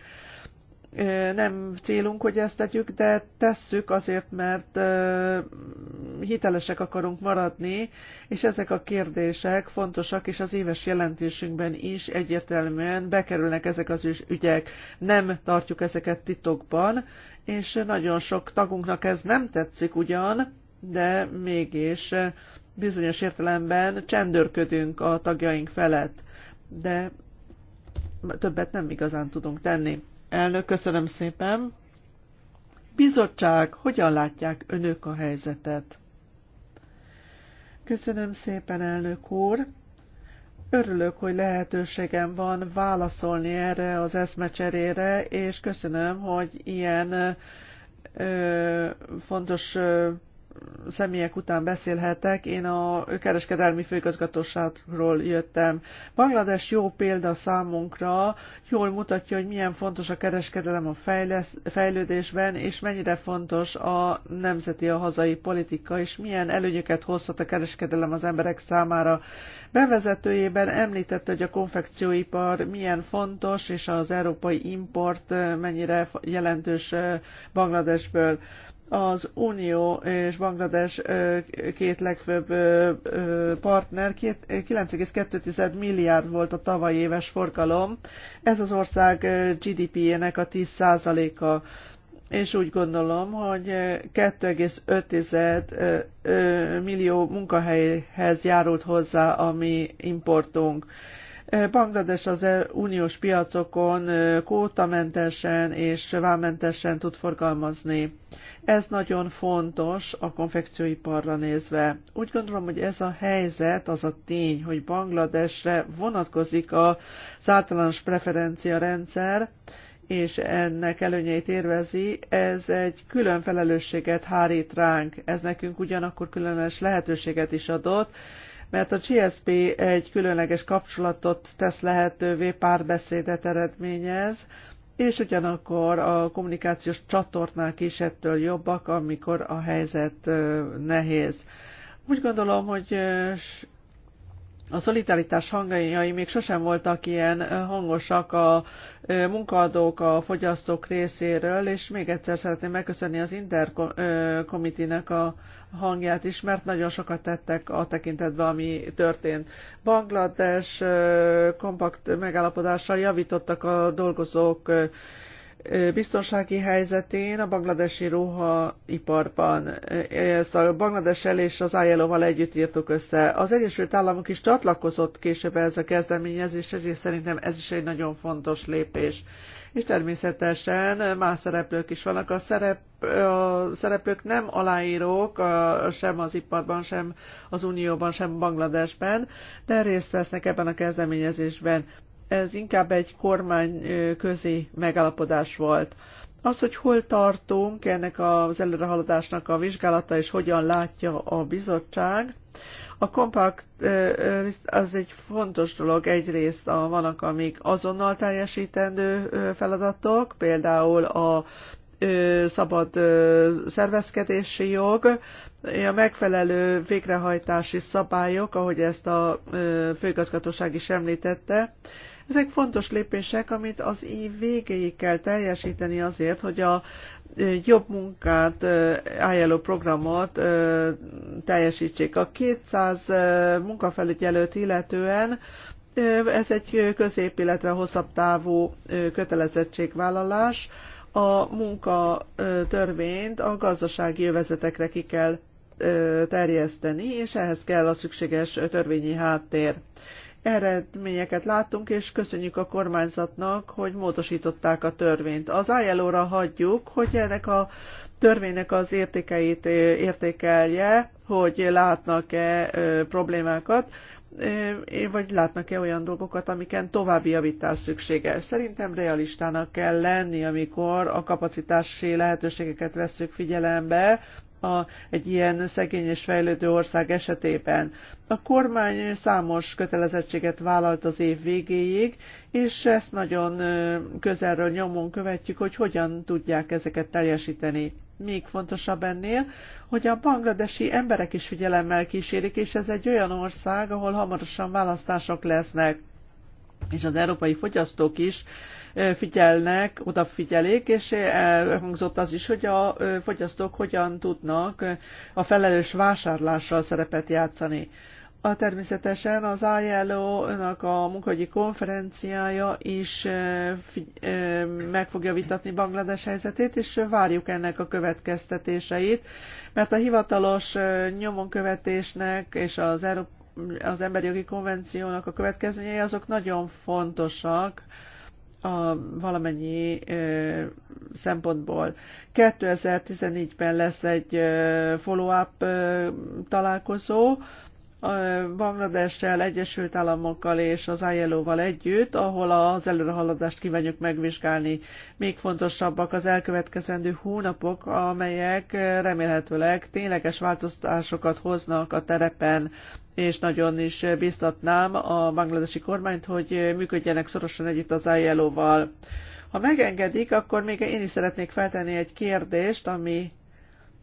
nem célunk, hogy ezt tegyük, de tesszük azért, mert hitelesek akarunk maradni, és ezek a kérdések fontosak, és az éves jelentésünkben is egyértelműen bekerülnek ezek az ügyek. Nem tartjuk ezeket titokban, és nagyon sok tagunknak ez nem tetszik ugyan, de mégis bizonyos értelemben csendőrködünk a tagjaink felett. De többet nem igazán tudunk tenni. Elnök, köszönöm szépen. Bizottság, hogyan látják önök a helyzetet? Köszönöm szépen, elnök úr. Örülök, hogy lehetőségem van válaszolni erre az eszmecserére, és köszönöm, hogy ilyen ö, fontos ö, személyek után beszélhetek. Én a kereskedelmi főigazgatóságról jöttem. Banglades jó példa számunkra, jól mutatja, hogy milyen fontos a kereskedelem a fejlesz, fejlődésben, és mennyire fontos a nemzeti, a hazai politika, és milyen előnyöket hozhat a kereskedelem az emberek számára. Bevezetőjében említette, hogy a konfekcióipar milyen fontos, és az európai import mennyire jelentős Bangladesből az Unió és Banglades két legfőbb partner, 9,2 milliárd volt a tavaly éves forgalom. Ez az ország GDP-jének a 10%-a. És úgy gondolom, hogy 2,5 millió munkahelyhez járult hozzá a mi importunk. Eh, Banglades az uniós piacokon eh, kótamentesen és vámmentesen tud forgalmazni. Ez nagyon fontos a konfekcióiparra nézve. Úgy gondolom, hogy ez a helyzet, az a tény, hogy Bangladesre vonatkozik az általános preferencia rendszer, és ennek előnyeit érvezi, ez egy külön felelősséget hárít ránk. Ez nekünk ugyanakkor különös lehetőséget is adott, mert a GSP egy különleges kapcsolatot tesz lehetővé, párbeszédet eredményez, és ugyanakkor a kommunikációs csatornák is ettől jobbak, amikor a helyzet nehéz. Úgy gondolom, hogy a szolidaritás hangjai még sosem voltak ilyen hangosak a munkadók, a fogyasztók részéről, és még egyszer szeretném megköszönni az Interkomitinek a hangját is, mert nagyon sokat tettek a tekintetben, ami történt. Banglades kompakt megállapodással javítottak a dolgozók biztonsági helyzetén a bangladesi ruhaiparban. Ezt a el és az ILO-val együtt írtuk össze. Az Egyesült Államok is csatlakozott később ez a kezdeményezés, és szerintem ez is egy nagyon fontos lépés. És természetesen más szereplők is vannak. A, szerep, a szereplők nem aláírók a, sem az iparban, sem az Unióban, sem Bangladesben, de részt vesznek ebben a kezdeményezésben ez inkább egy kormány közi megállapodás volt. Az, hogy hol tartunk ennek az előrehaladásnak a vizsgálata, és hogyan látja a bizottság, a kompakt az egy fontos dolog, egyrészt a, vannak, amik azonnal teljesítendő feladatok, például a szabad szervezkedési jog, a megfelelő végrehajtási szabályok, ahogy ezt a főigazgatóság is említette, ezek fontos lépések, amit az év végéig kell teljesíteni azért, hogy a jobb munkát, ILO programot teljesítsék. A 200 munkafelügyelőt illetően ez egy közép, illetve hosszabb távú kötelezettségvállalás. A munkatörvényt a gazdasági övezetekre ki kell terjeszteni, és ehhez kell a szükséges törvényi háttér. Eredményeket láttunk, és köszönjük a kormányzatnak, hogy módosították a törvényt. Az ILO-ra hagyjuk, hogy ennek a törvénynek az értékeit eh, értékelje, hogy látnak-e eh, problémákat, eh, vagy látnak-e olyan dolgokat, amiken további javítás szükséges. Szerintem realistának kell lenni, amikor a kapacitási lehetőségeket vesszük figyelembe, a, egy ilyen szegény és fejlődő ország esetében. A kormány számos kötelezettséget vállalt az év végéig, és ezt nagyon közelről nyomon követjük, hogy hogyan tudják ezeket teljesíteni. Még fontosabb ennél, hogy a bangladesi emberek is figyelemmel kísérik, és ez egy olyan ország, ahol hamarosan választások lesznek és az európai fogyasztók is figyelnek, odafigyelik, és elhangzott az is, hogy a fogyasztók hogyan tudnak a felelős vásárlással szerepet játszani. A természetesen az ILO-nak a munkahogyi konferenciája is meg fogja vitatni Banglades helyzetét, és várjuk ennek a következtetéseit, mert a hivatalos nyomonkövetésnek és az, Európa, az emberi jogi konvenciónak a következményei azok nagyon fontosak, a valamennyi ö, szempontból. 2014-ben lesz egy follow-up találkozó, Bangladessel, Egyesült Államokkal és az ILO-val együtt, ahol az előrehaladást kívánjuk megvizsgálni. Még fontosabbak az elkövetkezendő hónapok, amelyek remélhetőleg tényleges változtatásokat hoznak a terepen, és nagyon is biztatnám a bangladesi kormányt, hogy működjenek szorosan együtt az ILO-val. Ha megengedik, akkor még én is szeretnék feltenni egy kérdést, ami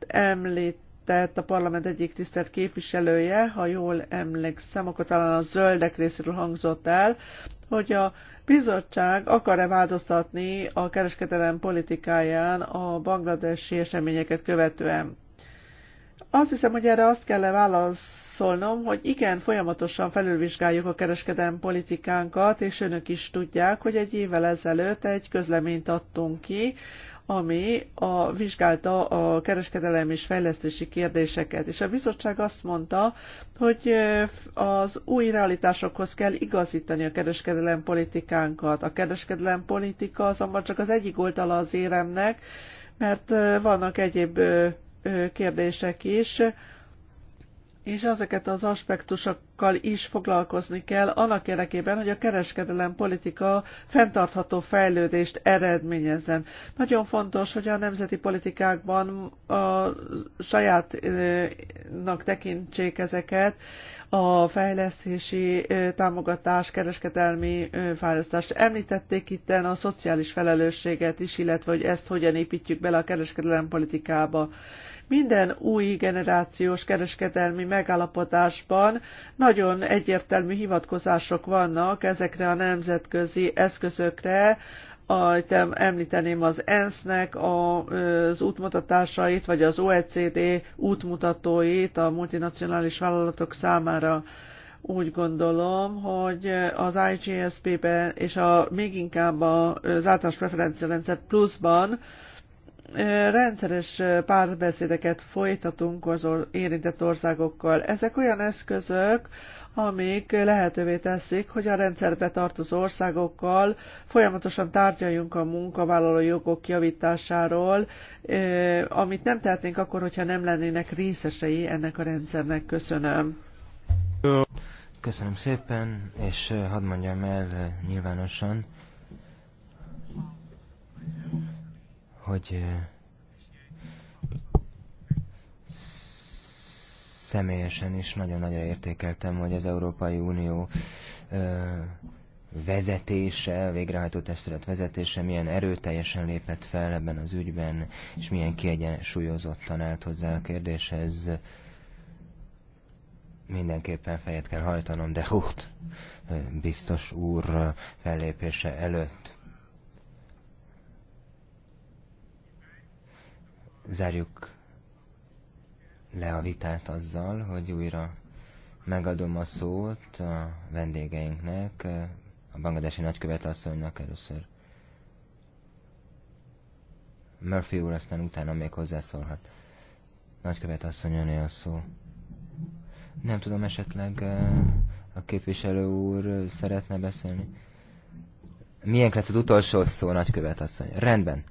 említ tett a parlament egyik tisztelt képviselője, ha jól emlékszem, akkor talán a zöldek részéről hangzott el, hogy a bizottság akar-e változtatni a kereskedelem politikáján a bangladesi eseményeket követően. Azt hiszem, hogy erre azt kell -e válaszolnom, hogy igen, folyamatosan felülvizsgáljuk a kereskedelmi politikánkat, és önök is tudják, hogy egy évvel ezelőtt egy közleményt adtunk ki ami a, vizsgálta a kereskedelem és fejlesztési kérdéseket. És a bizottság azt mondta, hogy az új realitásokhoz kell igazítani a kereskedelem politikánkat. A kereskedelem politika azonban csak az egyik oldala az éremnek, mert vannak egyéb kérdések is, és ezeket az aspektusokkal is foglalkozni kell annak érdekében, hogy a kereskedelem politika fenntartható fejlődést eredményezzen. Nagyon fontos, hogy a nemzeti politikákban a sajátnak tekintsék ezeket, a fejlesztési támogatás, kereskedelmi fejlesztést. Említették itt a szociális felelősséget is, illetve hogy ezt hogyan építjük bele a kereskedelem politikába. Minden új generációs kereskedelmi megállapodásban nagyon egyértelmű hivatkozások vannak ezekre a nemzetközi eszközökre, Ajt említeném az ENSZ-nek az útmutatásait, vagy az OECD útmutatóit a multinacionális vállalatok számára úgy gondolom, hogy az IGSP-ben és a, még inkább az általános preferenciarendszer pluszban rendszeres párbeszédeket folytatunk az érintett országokkal. Ezek olyan eszközök, amik lehetővé teszik, hogy a rendszerbe tartozó országokkal folyamatosan tárgyaljunk a munkavállaló jogok javításáról, amit nem tehetnénk akkor, hogyha nem lennének részesei ennek a rendszernek. Köszönöm. Köszönöm szépen, és hadd mondjam el nyilvánosan, hogy személyesen is nagyon nagyra értékeltem, hogy az Európai Unió vezetése, végrehajtó testület vezetése milyen erőteljesen lépett fel ebben az ügyben, és milyen kiegyensúlyozottan állt hozzá a kérdéshez. Mindenképpen fejet kell hajtanom, de huht, biztos úr fellépése előtt Zárjuk le a vitát azzal, hogy újra megadom a szót a vendégeinknek, a bangladesi nagykövet asszonynak először. Murphy úr aztán utána még hozzászólhat. Nagykövet asszony a szó. Nem tudom, esetleg eh, a képviselő úr szeretne beszélni. Milyen lesz az utolsó szó, nagykövet asszony? Rendben.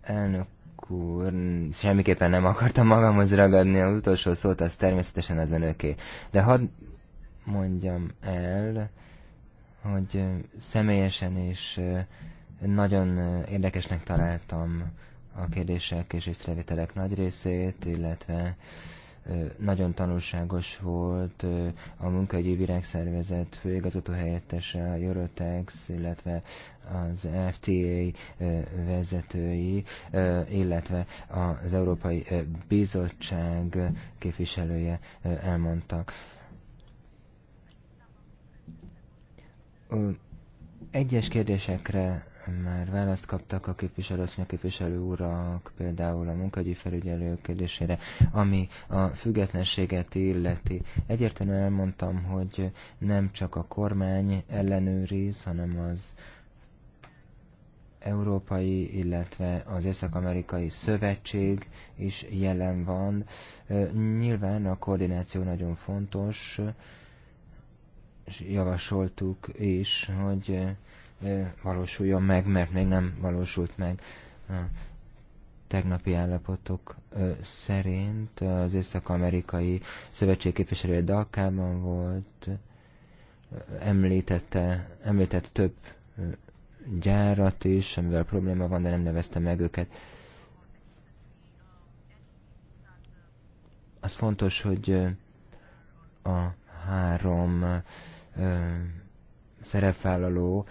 Elnök úr, semmiképpen nem akartam magamhoz ragadni, az utolsó szót az természetesen az önöké. De hadd mondjam el, hogy személyesen is nagyon érdekesnek találtam a kérdések és észrevételek nagy részét, illetve nagyon tanulságos volt a munkaügyi virágszervezet főigazgató helyettese, a Eurotex, illetve az FTA vezetői, illetve az Európai Bizottság képviselője elmondtak egyes kérdésekre már választ kaptak a képviselő, a képviselő urak, például a munkagyi felügyelő kérdésére, ami a függetlenséget illeti. Egyértelműen elmondtam, hogy nem csak a kormány ellenőriz, hanem az Európai, illetve az Észak-Amerikai Szövetség is jelen van. Nyilván a koordináció nagyon fontos, és javasoltuk is, hogy valósuljon meg, mert még nem valósult meg. A tegnapi állapotok szerint az észak-amerikai szövetség képviselője Dalkában volt, említette, említette több gyárat is, amivel probléma van, de nem nevezte meg őket. Az fontos, hogy a három szerepvállaló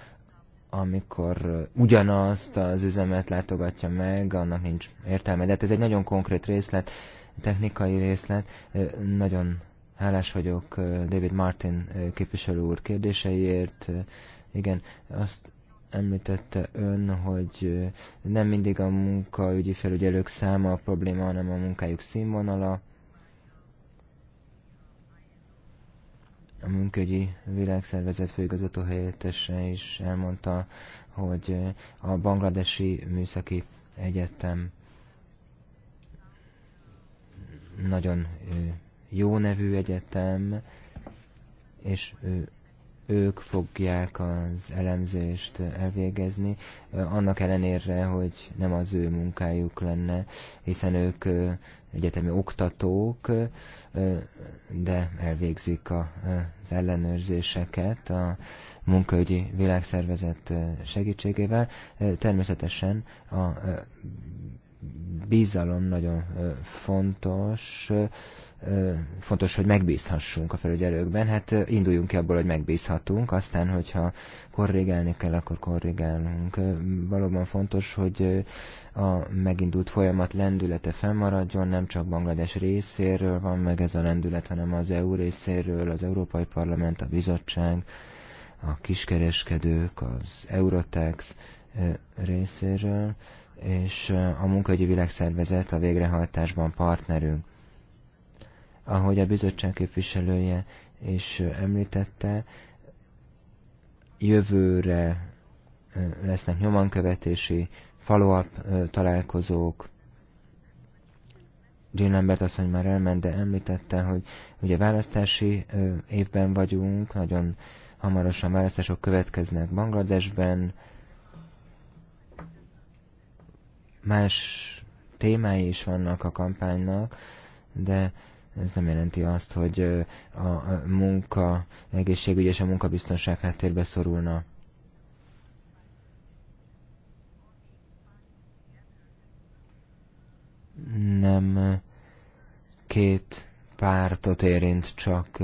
amikor ugyanazt az üzemet látogatja meg, annak nincs értelme. De hát ez egy nagyon konkrét részlet, technikai részlet. Nagyon hálás vagyok David Martin képviselő úr kérdéseiért. Igen, azt említette ön, hogy nem mindig a munkaügyi felügyelők száma a probléma, hanem a munkájuk színvonala. a munkegyi világszervezet főigazgató helyettese is elmondta, hogy a Bangladesi Műszaki Egyetem nagyon jó nevű egyetem, és ők fogják az elemzést elvégezni, annak ellenére, hogy nem az ő munkájuk lenne, hiszen ők egyetemi oktatók, de elvégzik az ellenőrzéseket a munkaügyi világszervezet segítségével. Természetesen a bizalom nagyon fontos, fontos, hogy megbízhassunk a felügyelőkben. Hát induljunk ki abból, hogy megbízhatunk, aztán, hogyha korrigálni kell, akkor korrigálunk. Valóban fontos, hogy a megindult folyamat lendülete fennmaradjon, nem csak Banglades részéről van meg ez a lendület, hanem az EU részéről, az Európai Parlament, a Bizottság, a kiskereskedők, az Eurotex részéről és a Munkahogyi Világszervezet a végrehajtásban partnerünk. Ahogy a bizottság képviselője is említette, jövőre lesznek nyomankövetési follow-up találkozók. Jean Lambert asszony már elment, de említette, hogy ugye választási évben vagyunk, nagyon hamarosan választások következnek Bangladesben, Más témái is vannak a kampánynak, de ez nem jelenti azt, hogy a munka egészségügy és a munkabiztonság háttérbe szorulna. Nem két pártot érint, csak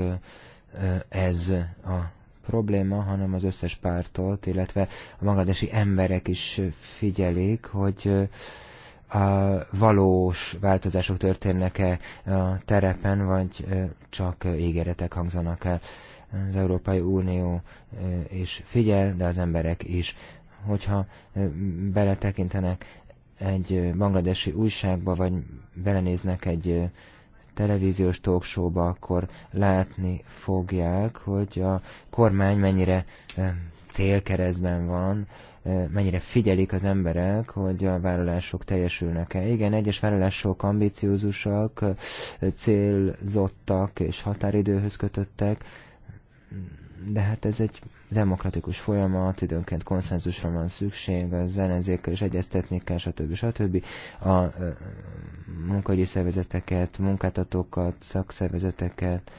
ez a probléma, hanem az összes pártot, illetve a magadesi emberek is figyelik, hogy a valós változások történnek-e a terepen, vagy csak égeretek hangzanak el. Az Európai Unió is figyel, de az emberek is. Hogyha beletekintenek egy bangladesi újságba, vagy belenéznek egy televíziós talkshowba, akkor látni fogják, hogy a kormány mennyire célkeresztben van, mennyire figyelik az emberek, hogy a vállalások teljesülnek-e. Igen, egyes vállalások ambiciózusak, célzottak és határidőhöz kötöttek, de hát ez egy demokratikus folyamat, időnként konszenzusra van szükség, az ellenzékkel is egyeztetni kell, stb. stb. A munkahogyi szervezeteket, munkáltatókat, szakszervezeteket,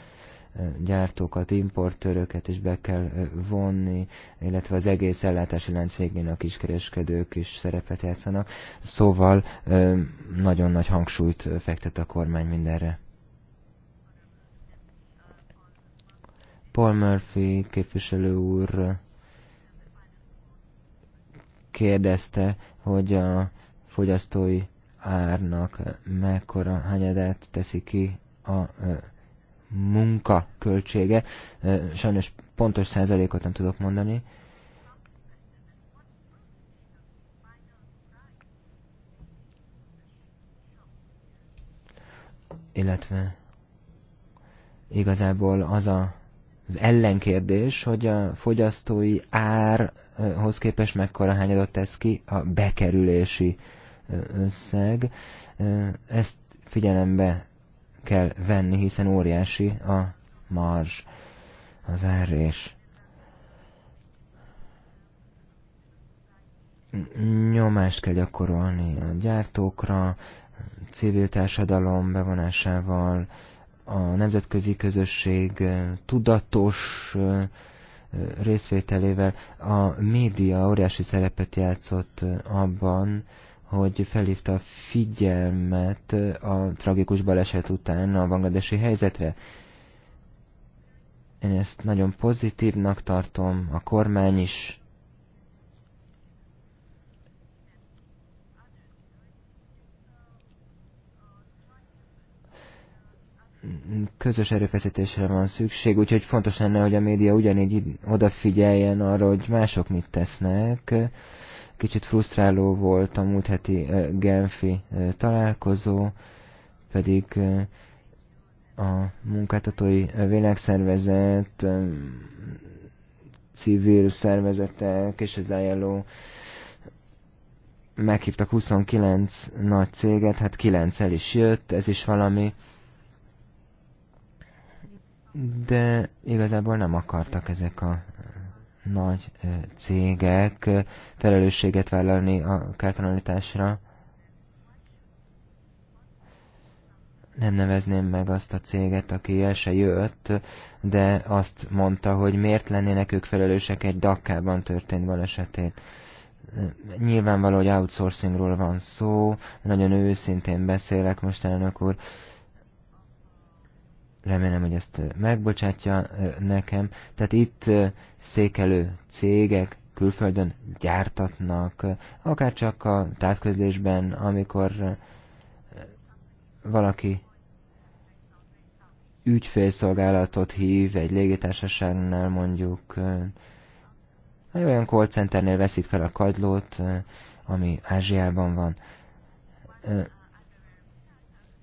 gyártókat, importőröket is be kell vonni, illetve az egész ellátási lánc végén a kiskereskedők is szerepet játszanak. Szóval nagyon nagy hangsúlyt fektet a kormány mindenre. Paul Murphy képviselő úr kérdezte, hogy a fogyasztói árnak mekkora hányadát teszi ki a munka költsége. Sajnos pontos százalékot nem tudok mondani. Illetve igazából az a az ellenkérdés, hogy a fogyasztói árhoz képest mekkora hányadot tesz ki a bekerülési összeg. Ezt figyelembe kell venni, hiszen óriási a marzs, az árrés. Nyomást kell gyakorolni a gyártókra, civil társadalom bevonásával, a nemzetközi közösség tudatos részvételével a média óriási szerepet játszott abban, hogy felhívta a figyelmet a tragikus baleset után a bangladesi helyzetre. Én ezt nagyon pozitívnak tartom, a kormány is közös erőfeszítésre van szükség, úgyhogy fontos lenne, hogy a média ugyanígy odafigyeljen arra, hogy mások mit tesznek. Kicsit frusztráló volt a múlt heti Genfi találkozó, pedig a munkáltatói világszervezet, civil szervezetek és az ILO meghívtak 29 nagy céget, hát 9 el is jött, ez is valami de igazából nem akartak ezek a eh, nagy eh, cégek eh, felelősséget vállalni a kártalanításra. Nem nevezném meg azt a céget, aki el se jött, de azt mondta, hogy miért lennének ők felelősek egy Dakkában történt balesetét. Nyilvánvaló, hogy outsourcingról van szó, nagyon őszintén beszélek most, elnök úr. Ö, remélem, hogy ezt megbocsátja nekem. Tehát itt székelő cégek külföldön gyártatnak, akár csak a távközlésben, amikor valaki ügyfélszolgálatot hív egy légitársaságnál mondjuk, egy olyan call centernél veszik fel a kagylót, ami Ázsiában van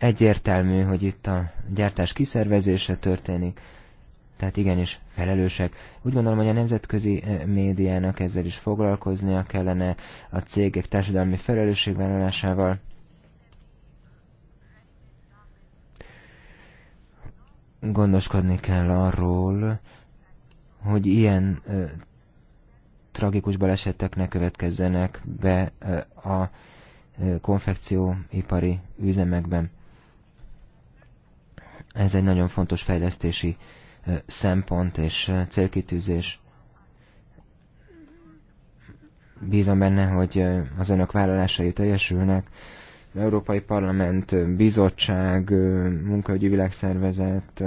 Egyértelmű, hogy itt a gyártás kiszervezése történik, tehát igenis felelősek. Úgy gondolom, hogy a nemzetközi eh, médiának ezzel is foglalkoznia kellene a cégek társadalmi felelősségvállalásával. Gondoskodni kell arról, hogy ilyen ö, eh, tragikus balesetek ne következzenek be ö, eh, a konfekcióipari üzemekben. Ez egy nagyon fontos fejlesztési szempont és célkitűzés. Bízom benne, hogy az önök vállalásai teljesülnek. Európai Parlament, Bizottság, Munkaügyi Világszervezet,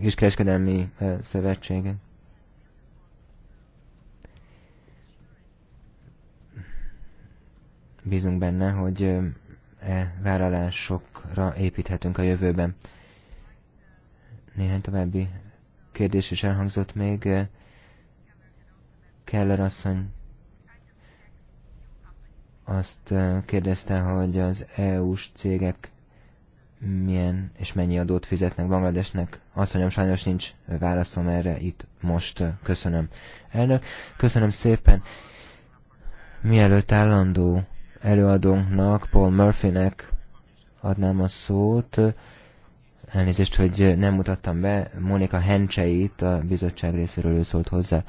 Kiskereskedelmi Szövetsége. Bízunk benne, hogy e vállalásokra építhetünk a jövőben. Néhány további kérdés is elhangzott még. E, Keller asszony azt e, kérdezte, hogy az EU-s cégek milyen és mennyi adót fizetnek Bangladesnek. Azt mondjam, sajnos nincs válaszom erre itt most. Köszönöm. Elnök, köszönöm szépen. Mielőtt állandó előadónknak, Paul Murphynek adnám a szót. Elnézést, hogy nem mutattam be. Monika Hencseit a bizottság részéről ő szólt hozzá.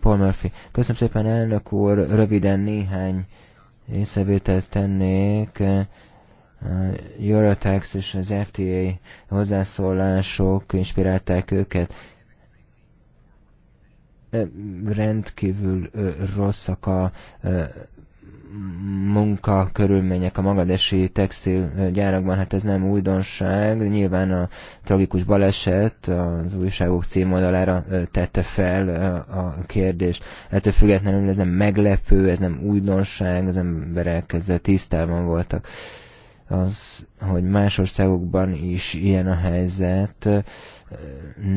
Paul Murphy. Köszönöm szépen, elnök úr. Röviden néhány észrevételt tennék. Eurotax és az FTA hozzászólások inspirálták őket. Rendkívül rosszak a munkakörülmények a magadesi gyárakban, hát ez nem újdonság. Nyilván a tragikus baleset az újságok címoldalára tette fel a kérdést. Ettől függetlenül ez nem meglepő, ez nem újdonság, az emberek ezzel tisztában voltak. Az, hogy más országokban is ilyen a helyzet,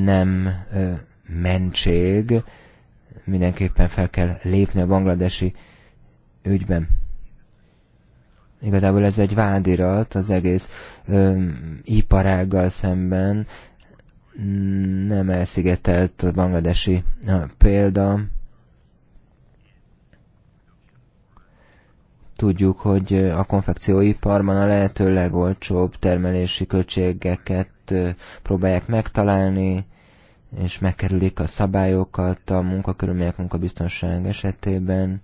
nem mentség, mindenképpen fel kell lépni a bangladesi ügyben. Igazából ez egy vádirat az egész öm, iparággal szemben, nem elszigetelt a bangladesi példa. Tudjuk, hogy a konfekcióiparban a lehető legolcsóbb termelési költségeket próbálják megtalálni, és megkerülik a szabályokat a munkakörülmények, munkabiztonság esetében.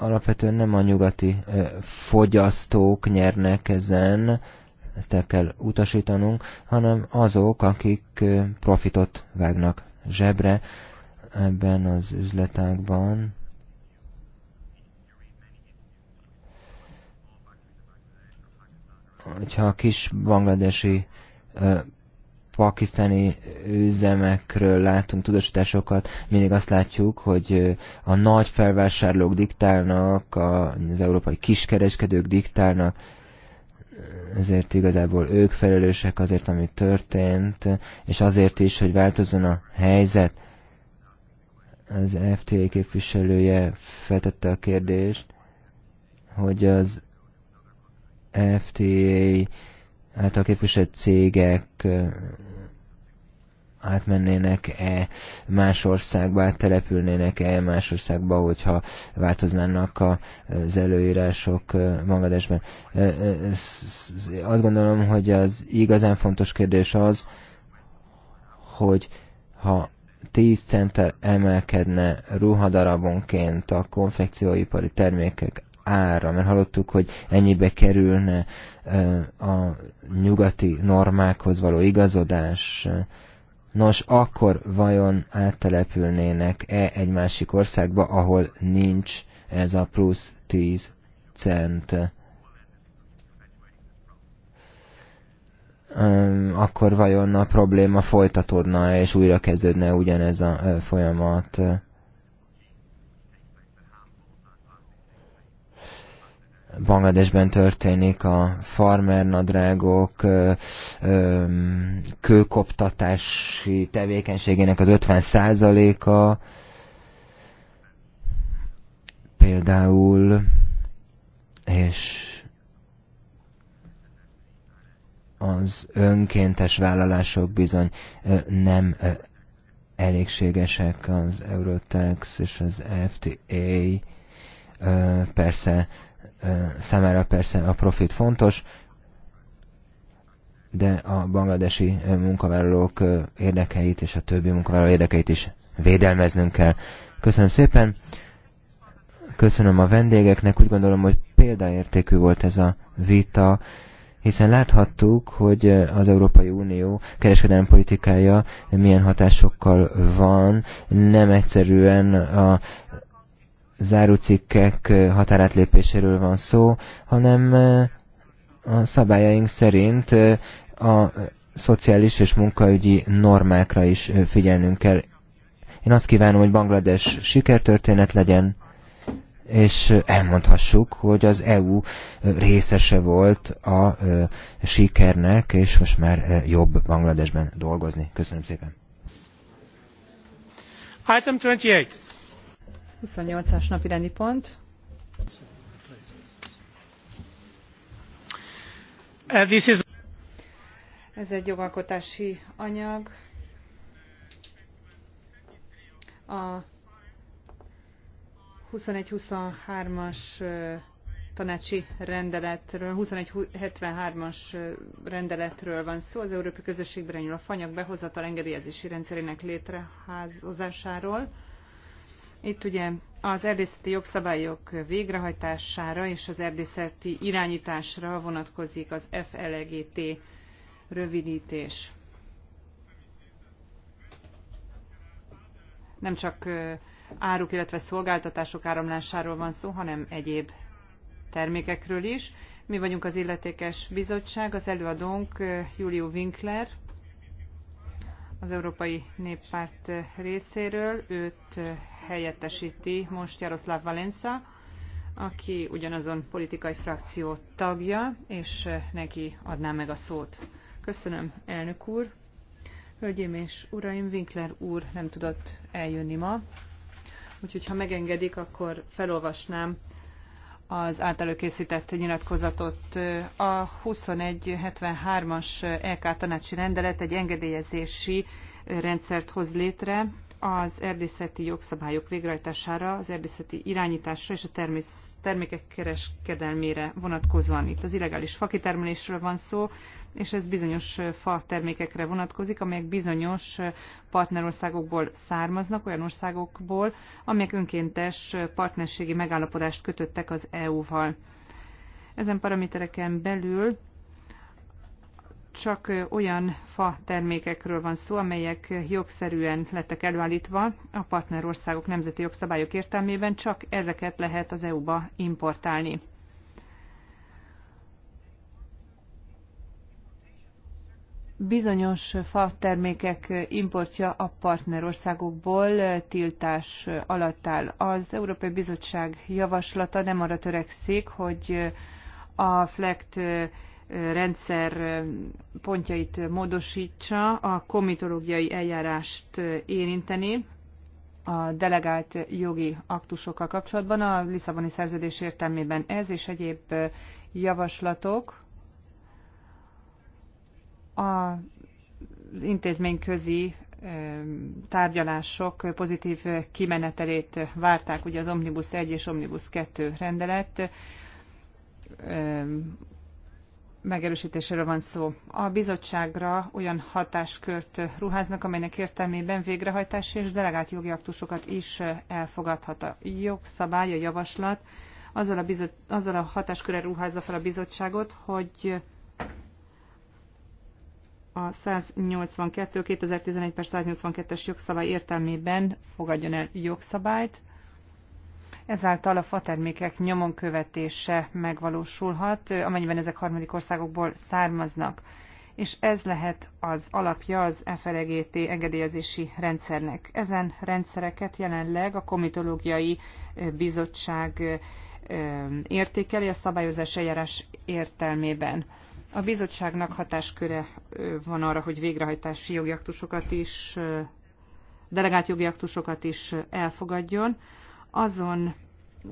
alapvetően nem a nyugati fogyasztók nyernek ezen, ezt el kell utasítanunk, hanem azok, akik profitot vágnak zsebre ebben az üzletágban. Hogyha a kis bangladesi pakisztáni üzemekről látunk tudósításokat, mindig azt látjuk, hogy a nagy felvásárlók diktálnak, az európai kiskereskedők diktálnak, ezért igazából ők felelősek azért, ami történt, és azért is, hogy változzon a helyzet. Az FTA képviselője feltette a kérdést, hogy az FTA által képviselt cégek átmennének-e más országba, áttelepülnének-e más országba, hogyha változnának az előírások Bangladesben. Azt gondolom, hogy az igazán fontos kérdés az, hogy ha 10 centtel emelkedne ruhadarabonként a konfekcióipari termékek ára, mert hallottuk, hogy ennyibe kerülne a nyugati normákhoz való igazodás. Nos, akkor vajon áttelepülnének-e egy másik országba, ahol nincs ez a plusz 10 cent? Akkor vajon a probléma folytatódna, és újra kezdődne ugyanez a folyamat? Bangladesben történik a farmernadrágok kőkoptatási tevékenységének az 50%-a, például, és az önkéntes vállalások bizony nem elégségesek az Eurotex és az FTA persze számára persze a profit fontos, de a bangladesi munkavállalók érdekeit és a többi munkavállaló érdekeit is védelmeznünk kell. Köszönöm szépen, köszönöm a vendégeknek, úgy gondolom, hogy példaértékű volt ez a vita, hiszen láthattuk, hogy az Európai Unió kereskedelmi politikája milyen hatásokkal van, nem egyszerűen a zárócikkek határátlépéséről van szó, hanem a szabályaink szerint a szociális és munkaügyi normákra is figyelnünk kell. Én azt kívánom, hogy Banglades sikertörténet legyen, és elmondhassuk, hogy az EU részese volt a sikernek, és most már jobb Bangladesben dolgozni. Köszönöm szépen. Item 28. 28-as napi rendi pont. Uh, Ez egy jogalkotási anyag. A 21-23-as uh, tanácsi rendeletről, 73 as uh, rendeletről van szó, az Európai Közösségben a fanyag behozatal engedélyezési rendszerének létrehozásáról. Itt ugye az erdészeti jogszabályok végrehajtására és az erdészeti irányításra vonatkozik az FLEGT rövidítés. Nem csak áruk, illetve szolgáltatások áramlásáról van szó, hanem egyéb termékekről is. Mi vagyunk az illetékes bizottság, az előadónk Julio Winkler, az Európai Néppárt részéről. Őt helyettesíti most Jaroszláv Valensa, aki ugyanazon politikai frakció tagja, és neki adná meg a szót. Köszönöm, elnök úr. Hölgyeim és uraim, Winkler úr nem tudott eljönni ma, úgyhogy ha megengedik, akkor felolvasnám az által készített nyilatkozatot. A 2173-as LK e tanácsi rendelet egy engedélyezési rendszert hoz létre, az erdészeti jogszabályok végrehajtására, az erdészeti irányításra és a természet termékek kereskedelmére vonatkozóan. Itt az illegális fakitermelésről van szó, és ez bizonyos fa termékekre vonatkozik, amelyek bizonyos partnerországokból származnak, olyan országokból, amelyek önkéntes partnerségi megállapodást kötöttek az EU-val. Ezen paramétereken belül csak olyan fa termékekről van szó, amelyek jogszerűen lettek előállítva a partnerországok nemzeti jogszabályok értelmében, csak ezeket lehet az EU-ba importálni. Bizonyos fa termékek importja a partnerországokból tiltás alatt áll. Az Európai Bizottság javaslata nem arra törekszik, hogy a FLECT rendszer pontjait módosítsa, a komitológiai eljárást érinteni a delegált jogi aktusokkal kapcsolatban. A Lisszaboni szerződés értelmében ez és egyéb javaslatok az intézményközi tárgyalások pozitív kimenetelét várták, ugye az Omnibus 1 és Omnibus 2 rendelet megerősítéséről van szó. A bizottságra olyan hatáskört ruháznak, amelynek értelmében végrehajtási és delegált jogi aktusokat is elfogadhat. A jogszabály, a javaslat azzal a, bizot, azzal a hatáskörre ruházza fel a bizottságot, hogy a 182 2011 per 182-es jogszabály értelmében fogadjon el jogszabályt, Ezáltal a fatermékek nyomon követése megvalósulhat, amennyiben ezek harmadik országokból származnak, és ez lehet az alapja az FREGT engedélyezési rendszernek. Ezen rendszereket jelenleg a Komitológiai Bizottság értékeli a szabályozás eljárás értelmében. A bizottságnak hatásköre van arra, hogy végrehajtási jogi aktusokat is, delegált jogi aktusokat is elfogadjon azon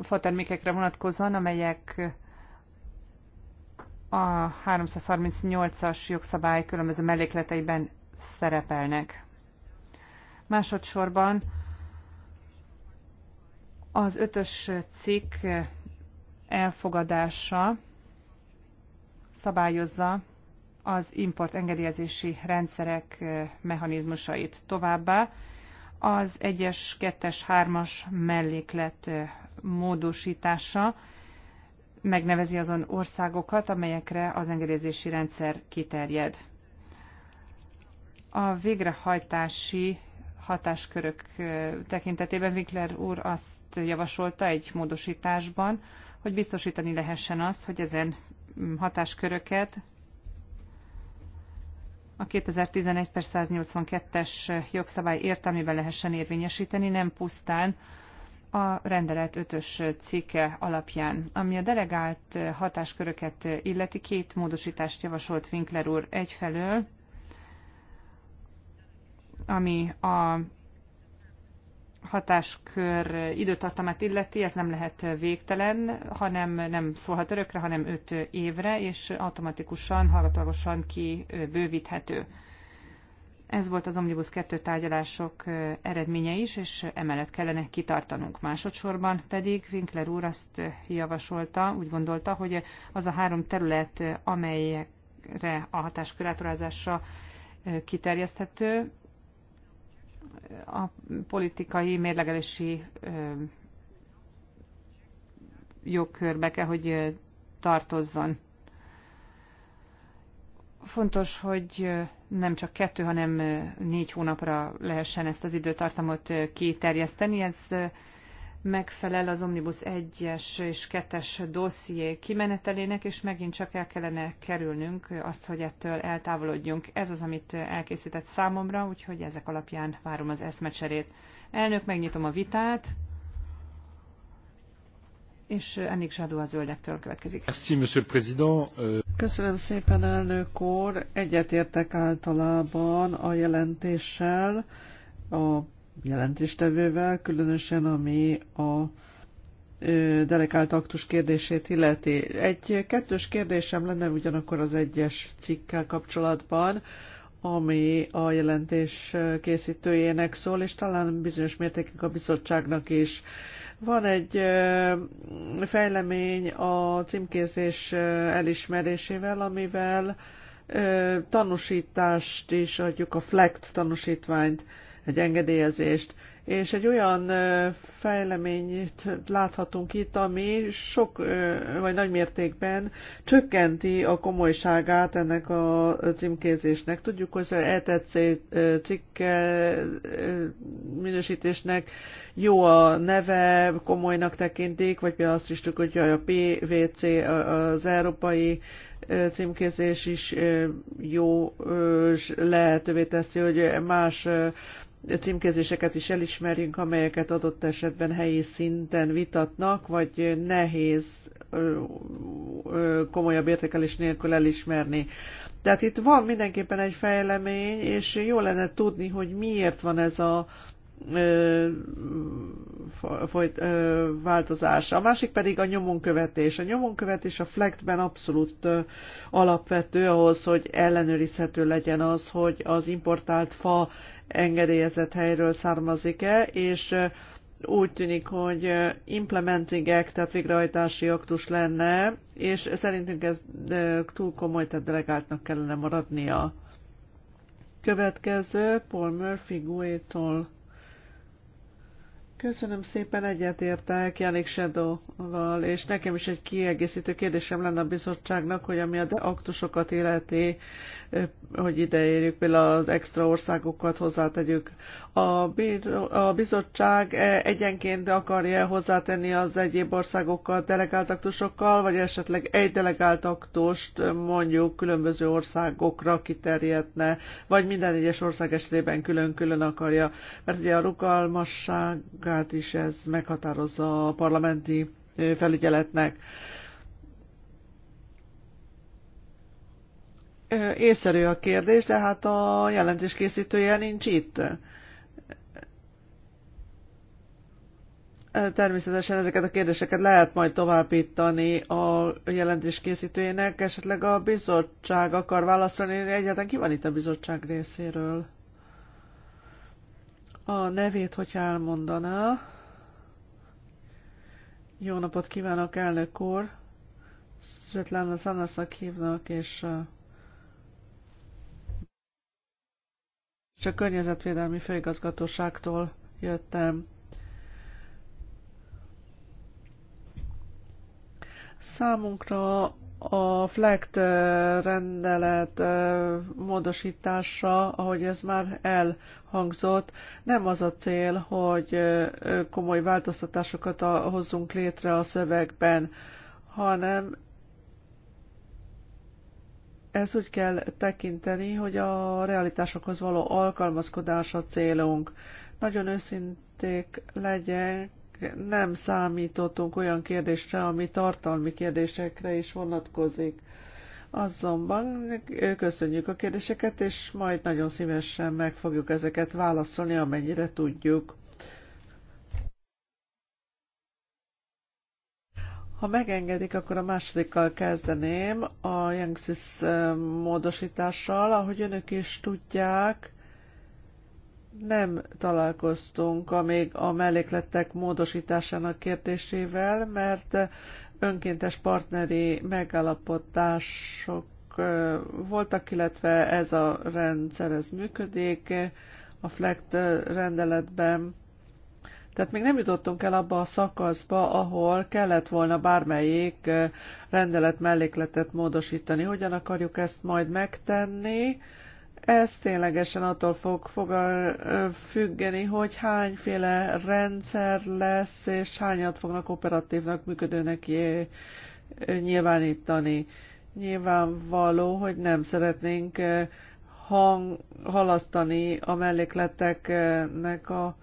fatermékekre vonatkozóan, amelyek a 338-as jogszabály különböző mellékleteiben szerepelnek. Másodszorban az ötös cikk elfogadása szabályozza az import engedélyezési rendszerek mechanizmusait. Továbbá az 1-es, 2-es, 3-as melléklet módosítása megnevezi azon országokat, amelyekre az engedélyezési rendszer kiterjed. A végrehajtási hatáskörök tekintetében Winkler úr azt javasolta egy módosításban, hogy biztosítani lehessen azt, hogy ezen hatásköröket a 2011 per 182-es jogszabály értelmében lehessen érvényesíteni, nem pusztán a rendelet 5-ös cikke alapján. Ami a delegált hatásköröket illeti, két módosítást javasolt Winkler úr egyfelől, ami a hatáskör időtartamát illeti, ez nem lehet végtelen, hanem nem szólhat örökre, hanem 5 évre, és automatikusan, hallgatólagosan kibővíthető. Ez volt az Omnibus 2 tárgyalások eredménye is, és emellett kellene kitartanunk. Másodszorban pedig Winkler úr azt javasolta, úgy gondolta, hogy az a három terület, amelyekre a hatáskörátorázása kiterjeszthető, a politikai mérlegelési jogkörbe kell, hogy tartozzon. Fontos, hogy nem csak kettő, hanem négy hónapra lehessen ezt az időtartamot kiterjeszteni. Ez megfelel az Omnibus 1-es és 2-es dosszié kimenetelének, és megint csak el kellene kerülnünk azt, hogy ettől eltávolodjunk. Ez az, amit elkészített számomra, úgyhogy ezek alapján várom az eszmecserét. Elnök, megnyitom a vitát, és Ennik Zsadó a zöldektől következik. Köszönöm szépen, elnök úr. Egyetértek általában a jelentéssel, a jelentéstevővel, különösen ami a delegált aktus kérdését illeti. Egy kettős kérdésem lenne ugyanakkor az egyes cikkkel kapcsolatban, ami a jelentés készítőjének szól, és talán bizonyos mértékig a bizottságnak is. Van egy fejlemény a címkézés elismerésével, amivel tanúsítást is adjuk, a FLECT tanúsítványt egy engedélyezést. És egy olyan fejleményt láthatunk itt, ami sok vagy nagy mértékben csökkenti a komolyságát ennek a címkézésnek. Tudjuk, hogy az ETC cikk minősítésnek jó a neve, komolynak tekintik, vagy például azt is tudjuk, hogy a PVC, az európai címkézés is jó, lehetővé teszi, hogy más címkézéseket is elismerjünk, amelyeket adott esetben helyi szinten vitatnak, vagy nehéz komolyabb értékelés nélkül elismerni. Tehát itt van mindenképpen egy fejlemény, és jó lenne tudni, hogy miért van ez a folyt, változása. A másik pedig a nyomonkövetés. A nyomonkövetés a flektben abszolút alapvető ahhoz, hogy ellenőrizhető legyen az, hogy az importált fa engedélyezett helyről származik-e, és úgy tűnik, hogy implementing act, tehát végrehajtási aktus lenne, és szerintünk ez túl komoly, tehát delegáltnak kellene maradnia. Következő Paul Murphy Guétól. Köszönöm szépen, egyetértek Janik Sedóval, és nekem is egy kiegészítő kérdésem lenne a bizottságnak, hogy ami a aktusokat illeti, hogy ide érjük például az extra országokat hozzátegyük. A, bíró, a bizottság e, egyenként akarja hozzátenni az egyéb országokat delegáltaktusokkal, vagy esetleg egy delegáltaktust mondjuk különböző országokra kiterjedne, vagy minden egyes ország esetében külön-külön akarja, mert ugye a rugalmasságát is ez meghatározza a parlamenti felügyeletnek. Észszerű a kérdés, de hát a jelentés készítője nincs itt. Természetesen ezeket a kérdéseket lehet majd továbbítani a jelentés készítőjének, esetleg a bizottság akar válaszolni, egyáltalán ki van itt a bizottság részéről? A nevét, hogyha elmondaná. Jó napot kívánok, elnök úr! Svetlana Szanaszak hívnak, és és a Környezetvédelmi Főigazgatóságtól jöttem. Számunkra a FLECT rendelet módosítása, ahogy ez már elhangzott, nem az a cél, hogy komoly változtatásokat hozzunk létre a szövegben, hanem ezt úgy kell tekinteni, hogy a realitásokhoz való alkalmazkodás a célunk. Nagyon őszinték legyek, nem számítottunk olyan kérdésre, ami tartalmi kérdésekre is vonatkozik. Azonban köszönjük a kérdéseket, és majd nagyon szívesen meg fogjuk ezeket válaszolni, amennyire tudjuk. Ha megengedik, akkor a másodikkal kezdeném, a Youngsis módosítással. Ahogy önök is tudják, nem találkoztunk a még a mellékletek módosításának kérdésével, mert önkéntes partneri megállapodások voltak, illetve ez a rendszer ez működik a FLECT rendeletben tehát még nem jutottunk el abba a szakaszba, ahol kellett volna bármelyik rendelet mellékletet módosítani. Hogyan akarjuk ezt majd megtenni? Ez ténylegesen attól fog, fog függeni, hogy hányféle rendszer lesz, és hányat fognak operatívnak működőnek nyilvánítani. Nyilvánvaló, hogy nem szeretnénk hang, halasztani a mellékleteknek a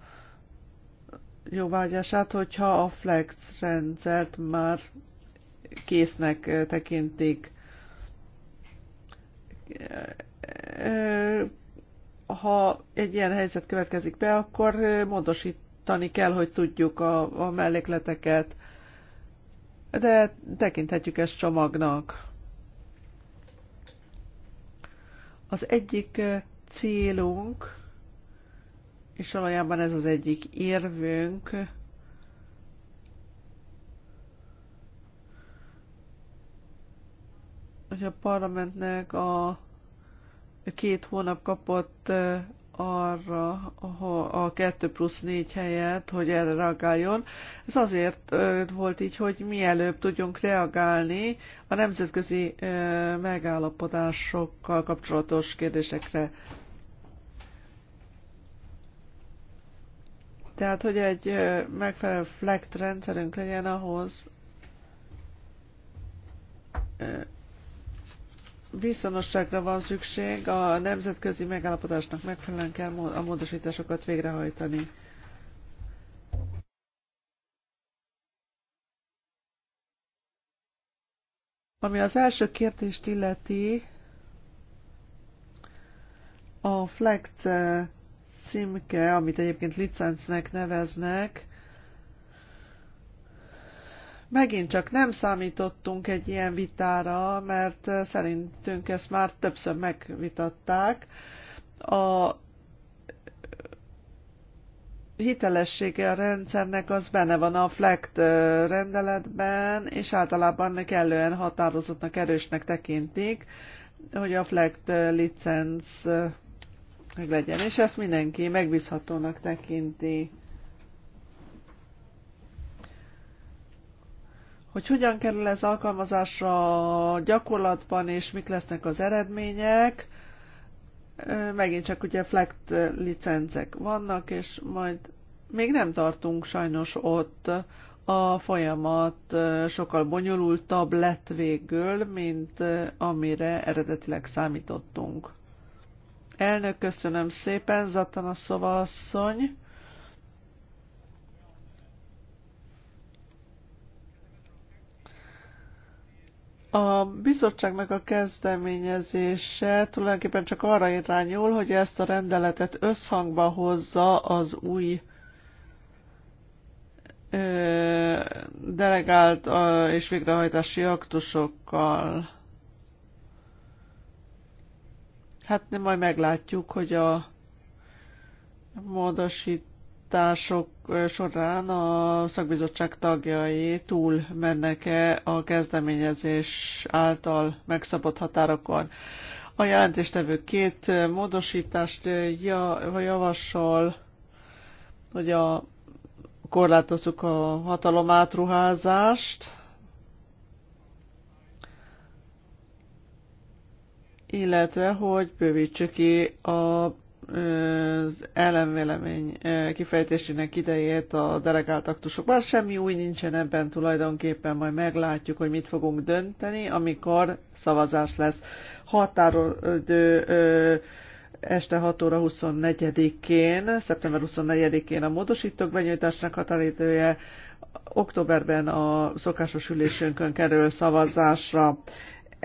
jóvágyását, hogyha a flex rendszert már késznek tekintik. Ha egy ilyen helyzet következik be, akkor módosítani kell, hogy tudjuk a, a mellékleteket, de tekinthetjük ezt csomagnak. Az egyik célunk, és valójában ez az egyik érvünk, hogy a parlamentnek a két hónap kapott arra a 2 plusz 4 helyet, hogy erre reagáljon. Ez azért volt így, hogy mielőbb tudjunk reagálni a nemzetközi megállapodásokkal kapcsolatos kérdésekre. Tehát, hogy egy megfelelő flekt rendszerünk legyen ahhoz, viszonosságra van szükség, a nemzetközi megállapodásnak megfelelően kell a módosításokat végrehajtani. Ami az első kérdést illeti, a flex címke, amit egyébként licencnek neveznek, megint csak nem számítottunk egy ilyen vitára, mert szerintünk ezt már többször megvitatták. A hitelessége a rendszernek az benne van a FLECT rendeletben, és általában kellően határozottnak, erősnek tekintik, hogy a FLECT licenc meg legyen, és ezt mindenki megbízhatónak tekinti. Hogy hogyan kerül ez alkalmazásra gyakorlatban, és mik lesznek az eredmények, megint csak ugye flekt licencek vannak, és majd még nem tartunk sajnos ott, a folyamat sokkal bonyolultabb lett végül, mint amire eredetileg számítottunk. Elnök, köszönöm szépen, Szova asszony. A bizottságnak a kezdeményezése tulajdonképpen csak arra irányul, hogy ezt a rendeletet összhangba hozza az új delegált és végrehajtási aktusokkal. Hát nem majd meglátjuk, hogy a módosítások során a szakbizottság tagjai túl mennek-e a kezdeményezés által megszabott határokon. A jelentéstevő két módosítást javasol, hogy a, korlátozzuk a hatalom átruházást, illetve hogy bővítsük ki a, az ellenvélemény kifejtésének idejét a delegált aktusok. Bár semmi új nincsen ebben tulajdonképpen, majd meglátjuk, hogy mit fogunk dönteni, amikor szavazás lesz. Határodő este 6 óra 24-én, szeptember 24-én a módosítók benyújtásnak határidője, októberben a szokásos ülésünkön kerül szavazásra.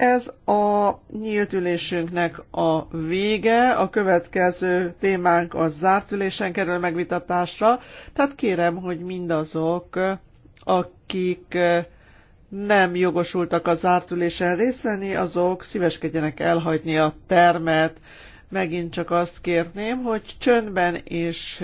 Ez a nyílt ülésünknek a vége, a következő témánk a zárt ülésen kerül megvitatásra, tehát kérem, hogy mindazok, akik nem jogosultak a zárt ülésen részt venni, azok szíveskedjenek elhagyni a termet. Megint csak azt kérném, hogy csöndben és